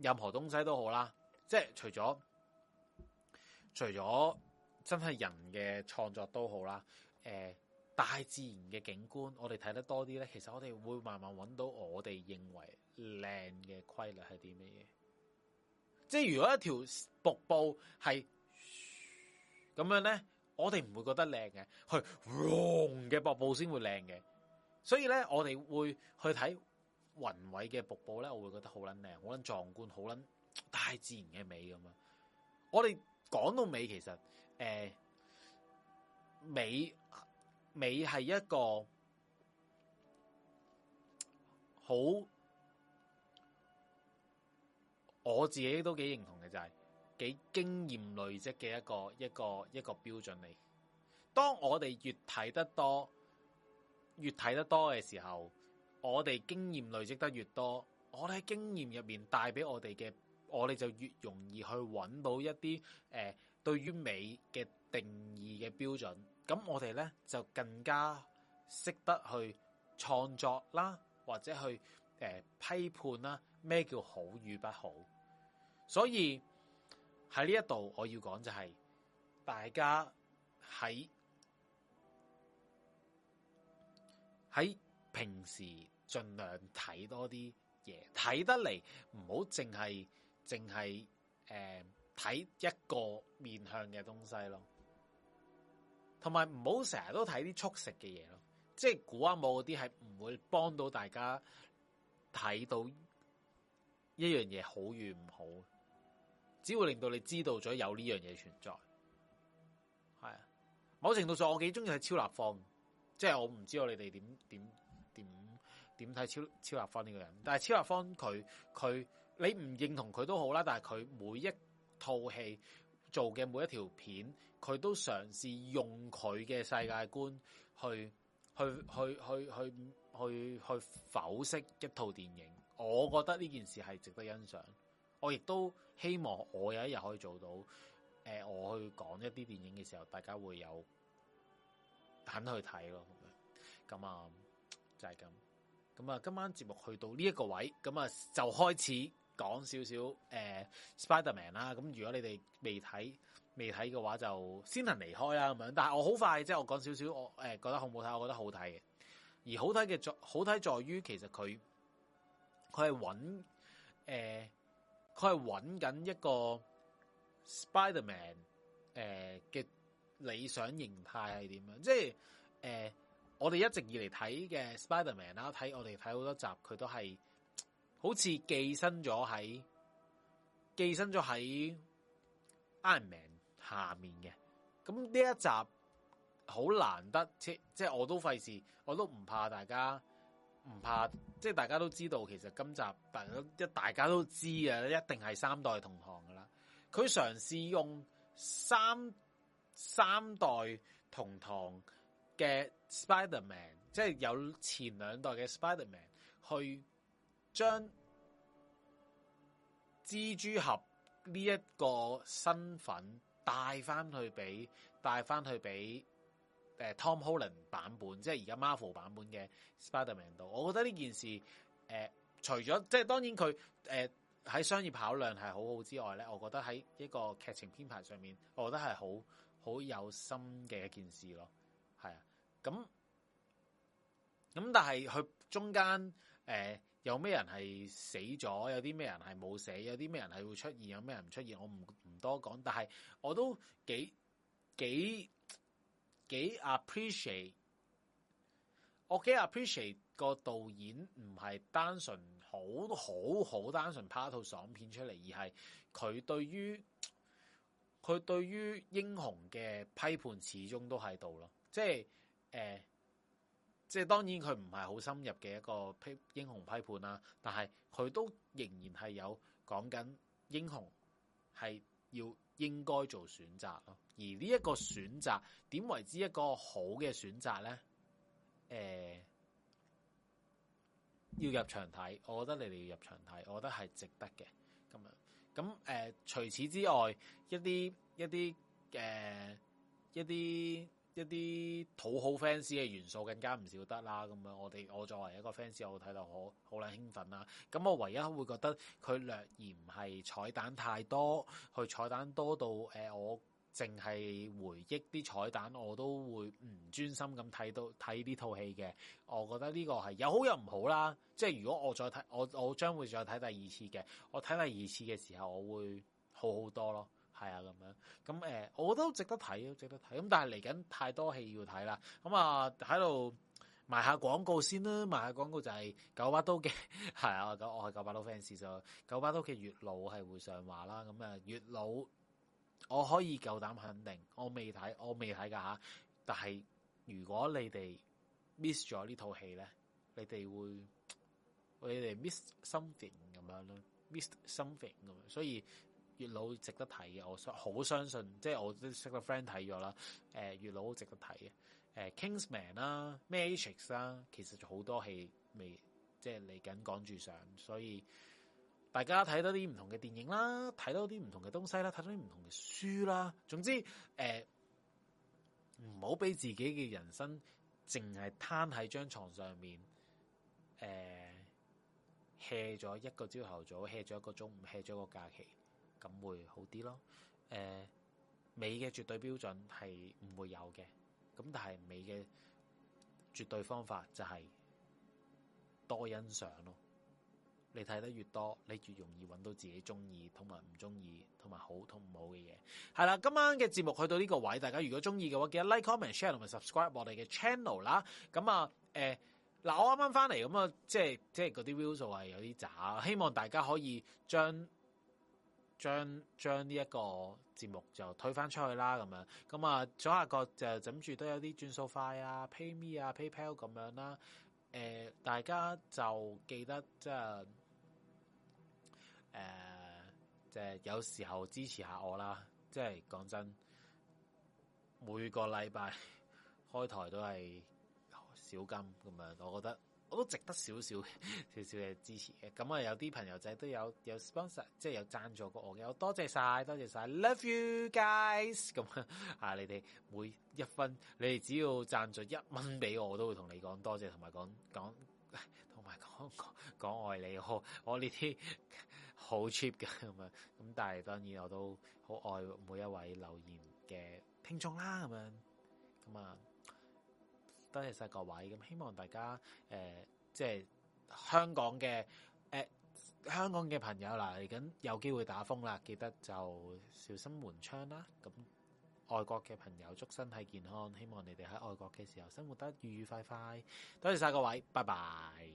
任何東西都好啦，即係除咗，除咗。真係人嘅創作都好啦，誒、呃、大自然嘅景觀，我哋睇得多啲咧，其實我哋會慢慢揾到我哋認為靚嘅規律係啲乜嘢？即係如果一條瀑布係咁樣咧，我哋唔會覺得靚嘅，去嘅瀑布先會靚嘅。所以咧，我哋會去睇宏偉嘅瀑布咧，我會覺得好撚靚，好撚壯觀，好撚大自然嘅美咁樣！我哋。講到、呃、美，其實誒，美美係一個好，我自己都幾認同嘅、就是，就係幾經驗累積嘅一個一個一個標準嚟。當我哋越睇得多，越睇得多嘅時候，我哋經驗累積得越多，我哋喺經驗入面帶俾我哋嘅。我哋就越容易去揾到一啲誒、呃、對於美嘅定義嘅標準，咁我哋咧就更加識得去創作啦，或者去誒、呃、批判啦，咩叫好與不好？所以喺呢一度，我要講就係、是、大家喺喺平時盡量睇多啲嘢，睇得嚟唔好淨係，淨係誒睇一個面向嘅東西咯，同埋唔好成日都睇啲速食嘅嘢咯，即係古阿武嗰啲係唔會幫到大家睇到一樣嘢好與唔好，只會令到你知道咗有呢樣嘢存在。係啊，某程度上我幾中意睇超立方，即係我唔知道你哋點點點點睇超超立方呢個人，但係超立方佢佢。你唔認同佢都好啦，但係佢每一套戲做嘅每一條片，佢都嘗試用佢嘅世界觀去去去去去去去剖析一套電影。我覺得呢件事係值得欣賞。我亦都希望我有一日可以做到，誒、呃，我去講一啲電影嘅時候，大家會有肯去睇咯。咁啊，就係、是、咁。咁啊，今晚節目去到呢一個位，咁啊，就開始。講少少誒 Spiderman 啦，咁、呃啊、如果你哋未睇未睇嘅話，就先行離開啦咁樣。但係我好快，即係我講少少，我誒、呃、覺得好唔好睇？我覺得好睇嘅。而好睇嘅在好睇在於其實佢佢係揾誒佢係揾緊一個 Spiderman 誒、呃、嘅理想形態係點樣？即係誒、呃、我哋一直以嚟睇嘅 Spiderman 啦，睇、啊、我哋睇好多集，佢都係。好似寄生咗喺寄生咗喺 Iron Man 下面嘅，咁呢一集好難得，即即係我都費事，我都唔怕大家唔怕，即係大家都知道，其實今集大家一大家都知啊，一定係三代同堂噶啦。佢嘗試用三三代同堂嘅 Spider Man，即係有前兩代嘅 Spider Man 去。將蜘蛛俠呢一個身份帶翻去俾，帶翻去俾誒、呃、Tom Holland 版本，即係而家 Marvel 版本嘅 Spider-Man 度，我覺得呢件事誒，除咗即係當然佢誒喺商業考量係好好之外咧，我覺得喺一個劇情編排上面，我覺得係好好有心嘅一件事咯，係啊，咁咁但係佢中間誒。呃有咩人係死咗？有啲咩人係冇死？有啲咩人係會出現？有咩人唔出現？我唔唔多講，但係我都幾幾幾 appreciate，我幾 appreciate 個導演唔係單純好好好單純拍一套爽片出嚟，而係佢對於佢對於英雄嘅批判始終都喺度咯，即係誒。呃即係當然佢唔係好深入嘅一個批英雄批判啦，但係佢都仍然係有講緊英雄係要應該做選擇咯。而呢一個選擇點為之一個好嘅選擇呢？誒、呃，要入場睇，我覺得你哋要入場睇，我覺得係值得嘅。咁樣咁誒、呃，除此之外一啲一啲嘅、呃、一啲。一啲討好 fans 嘅元素更加唔少得啦，咁樣我哋我作為一個 fans，我睇到好好撚興奮啦。咁我唯一會覺得佢略嫌係彩蛋太多，佢彩蛋多到誒，我淨係回憶啲彩蛋，我都會唔專心咁睇到睇呢套戲嘅。我覺得呢個係有好有唔好啦。即係如果我再睇，我我將會再睇第二次嘅。我睇第二次嘅時候，我會好好多咯。係啊，咁樣咁誒，我都值得睇，都值得睇。咁但係嚟緊太多戲要睇啦，咁啊喺度賣下廣告先啦，賣下廣告就係九把刀嘅係啊，我係九把刀 fans 就九把刀嘅月老係會上話啦，咁啊月老我可以夠膽肯定，我未睇，我未睇噶吓。但係如果你哋 miss 咗呢套戲咧，你哋會，你哋 miss something 咁樣咯，miss something 咁樣，所以。月老值得睇嘅，我好相信，即係我都識個 friend 睇咗啦。誒，月老值得睇嘅，誒、啊《King’s Man》啦，《Matrix、啊》啦，其實好多戲未即係嚟緊趕住上，所以大家睇多啲唔同嘅電影啦，睇多啲唔同嘅東西啦，睇多啲唔同嘅書啦。總之，誒唔好俾自己嘅人生淨係攤喺張床上面，誒 hea 咗一個朝頭早，hea 咗一個中午，hea 咗一個假期。咁會好啲咯，誒，美嘅絕對標準係唔會有嘅，咁但係美嘅絕對方法就係多欣賞咯。你睇得越多，你越容易揾到自己中意同埋唔中意，同埋好同唔好嘅嘢。係啦，今晚嘅節目去到呢個位，大家如果中意嘅話，記得 like、comment、share 同埋 subscribe 我哋嘅 channel 啦。咁啊，誒，嗱，我啱啱翻嚟，咁啊，即係即係嗰啲 views 數係有啲渣，希望大家可以將。將將呢一個節目就推返出去啦，咁樣咁啊，左下角就諗住都有啲轉數快啊，PayMe 啊 PayPal 咁樣啦，誒、呃、大家就記得即係誒即係有時候支持下我啦，即係講真，每個禮拜開台都係小金咁樣，我覺得。我都值得少少少少嘅支持嘅，咁啊有啲朋友仔都有有 sponsor 即係有贊助過我嘅，多謝晒，多謝晒，Love you guys 咁啊，你哋每一分，你哋只要贊助一蚊俾我，我都會同你講多謝，同埋講講同埋講講愛你，我我呢啲好 cheap 嘅咁樣，咁但係當然我都好愛每一位留言嘅聽眾啦，咁樣咁啊。多謝晒各位，咁希望大家誒、呃，即係香港嘅誒、呃，香港嘅朋友啦，嚟緊有機會打風啦，記得就小心門窗啦。咁外國嘅朋友，祝身體健康，希望你哋喺外國嘅時候生活得愉愉快快。多謝晒各位，拜拜。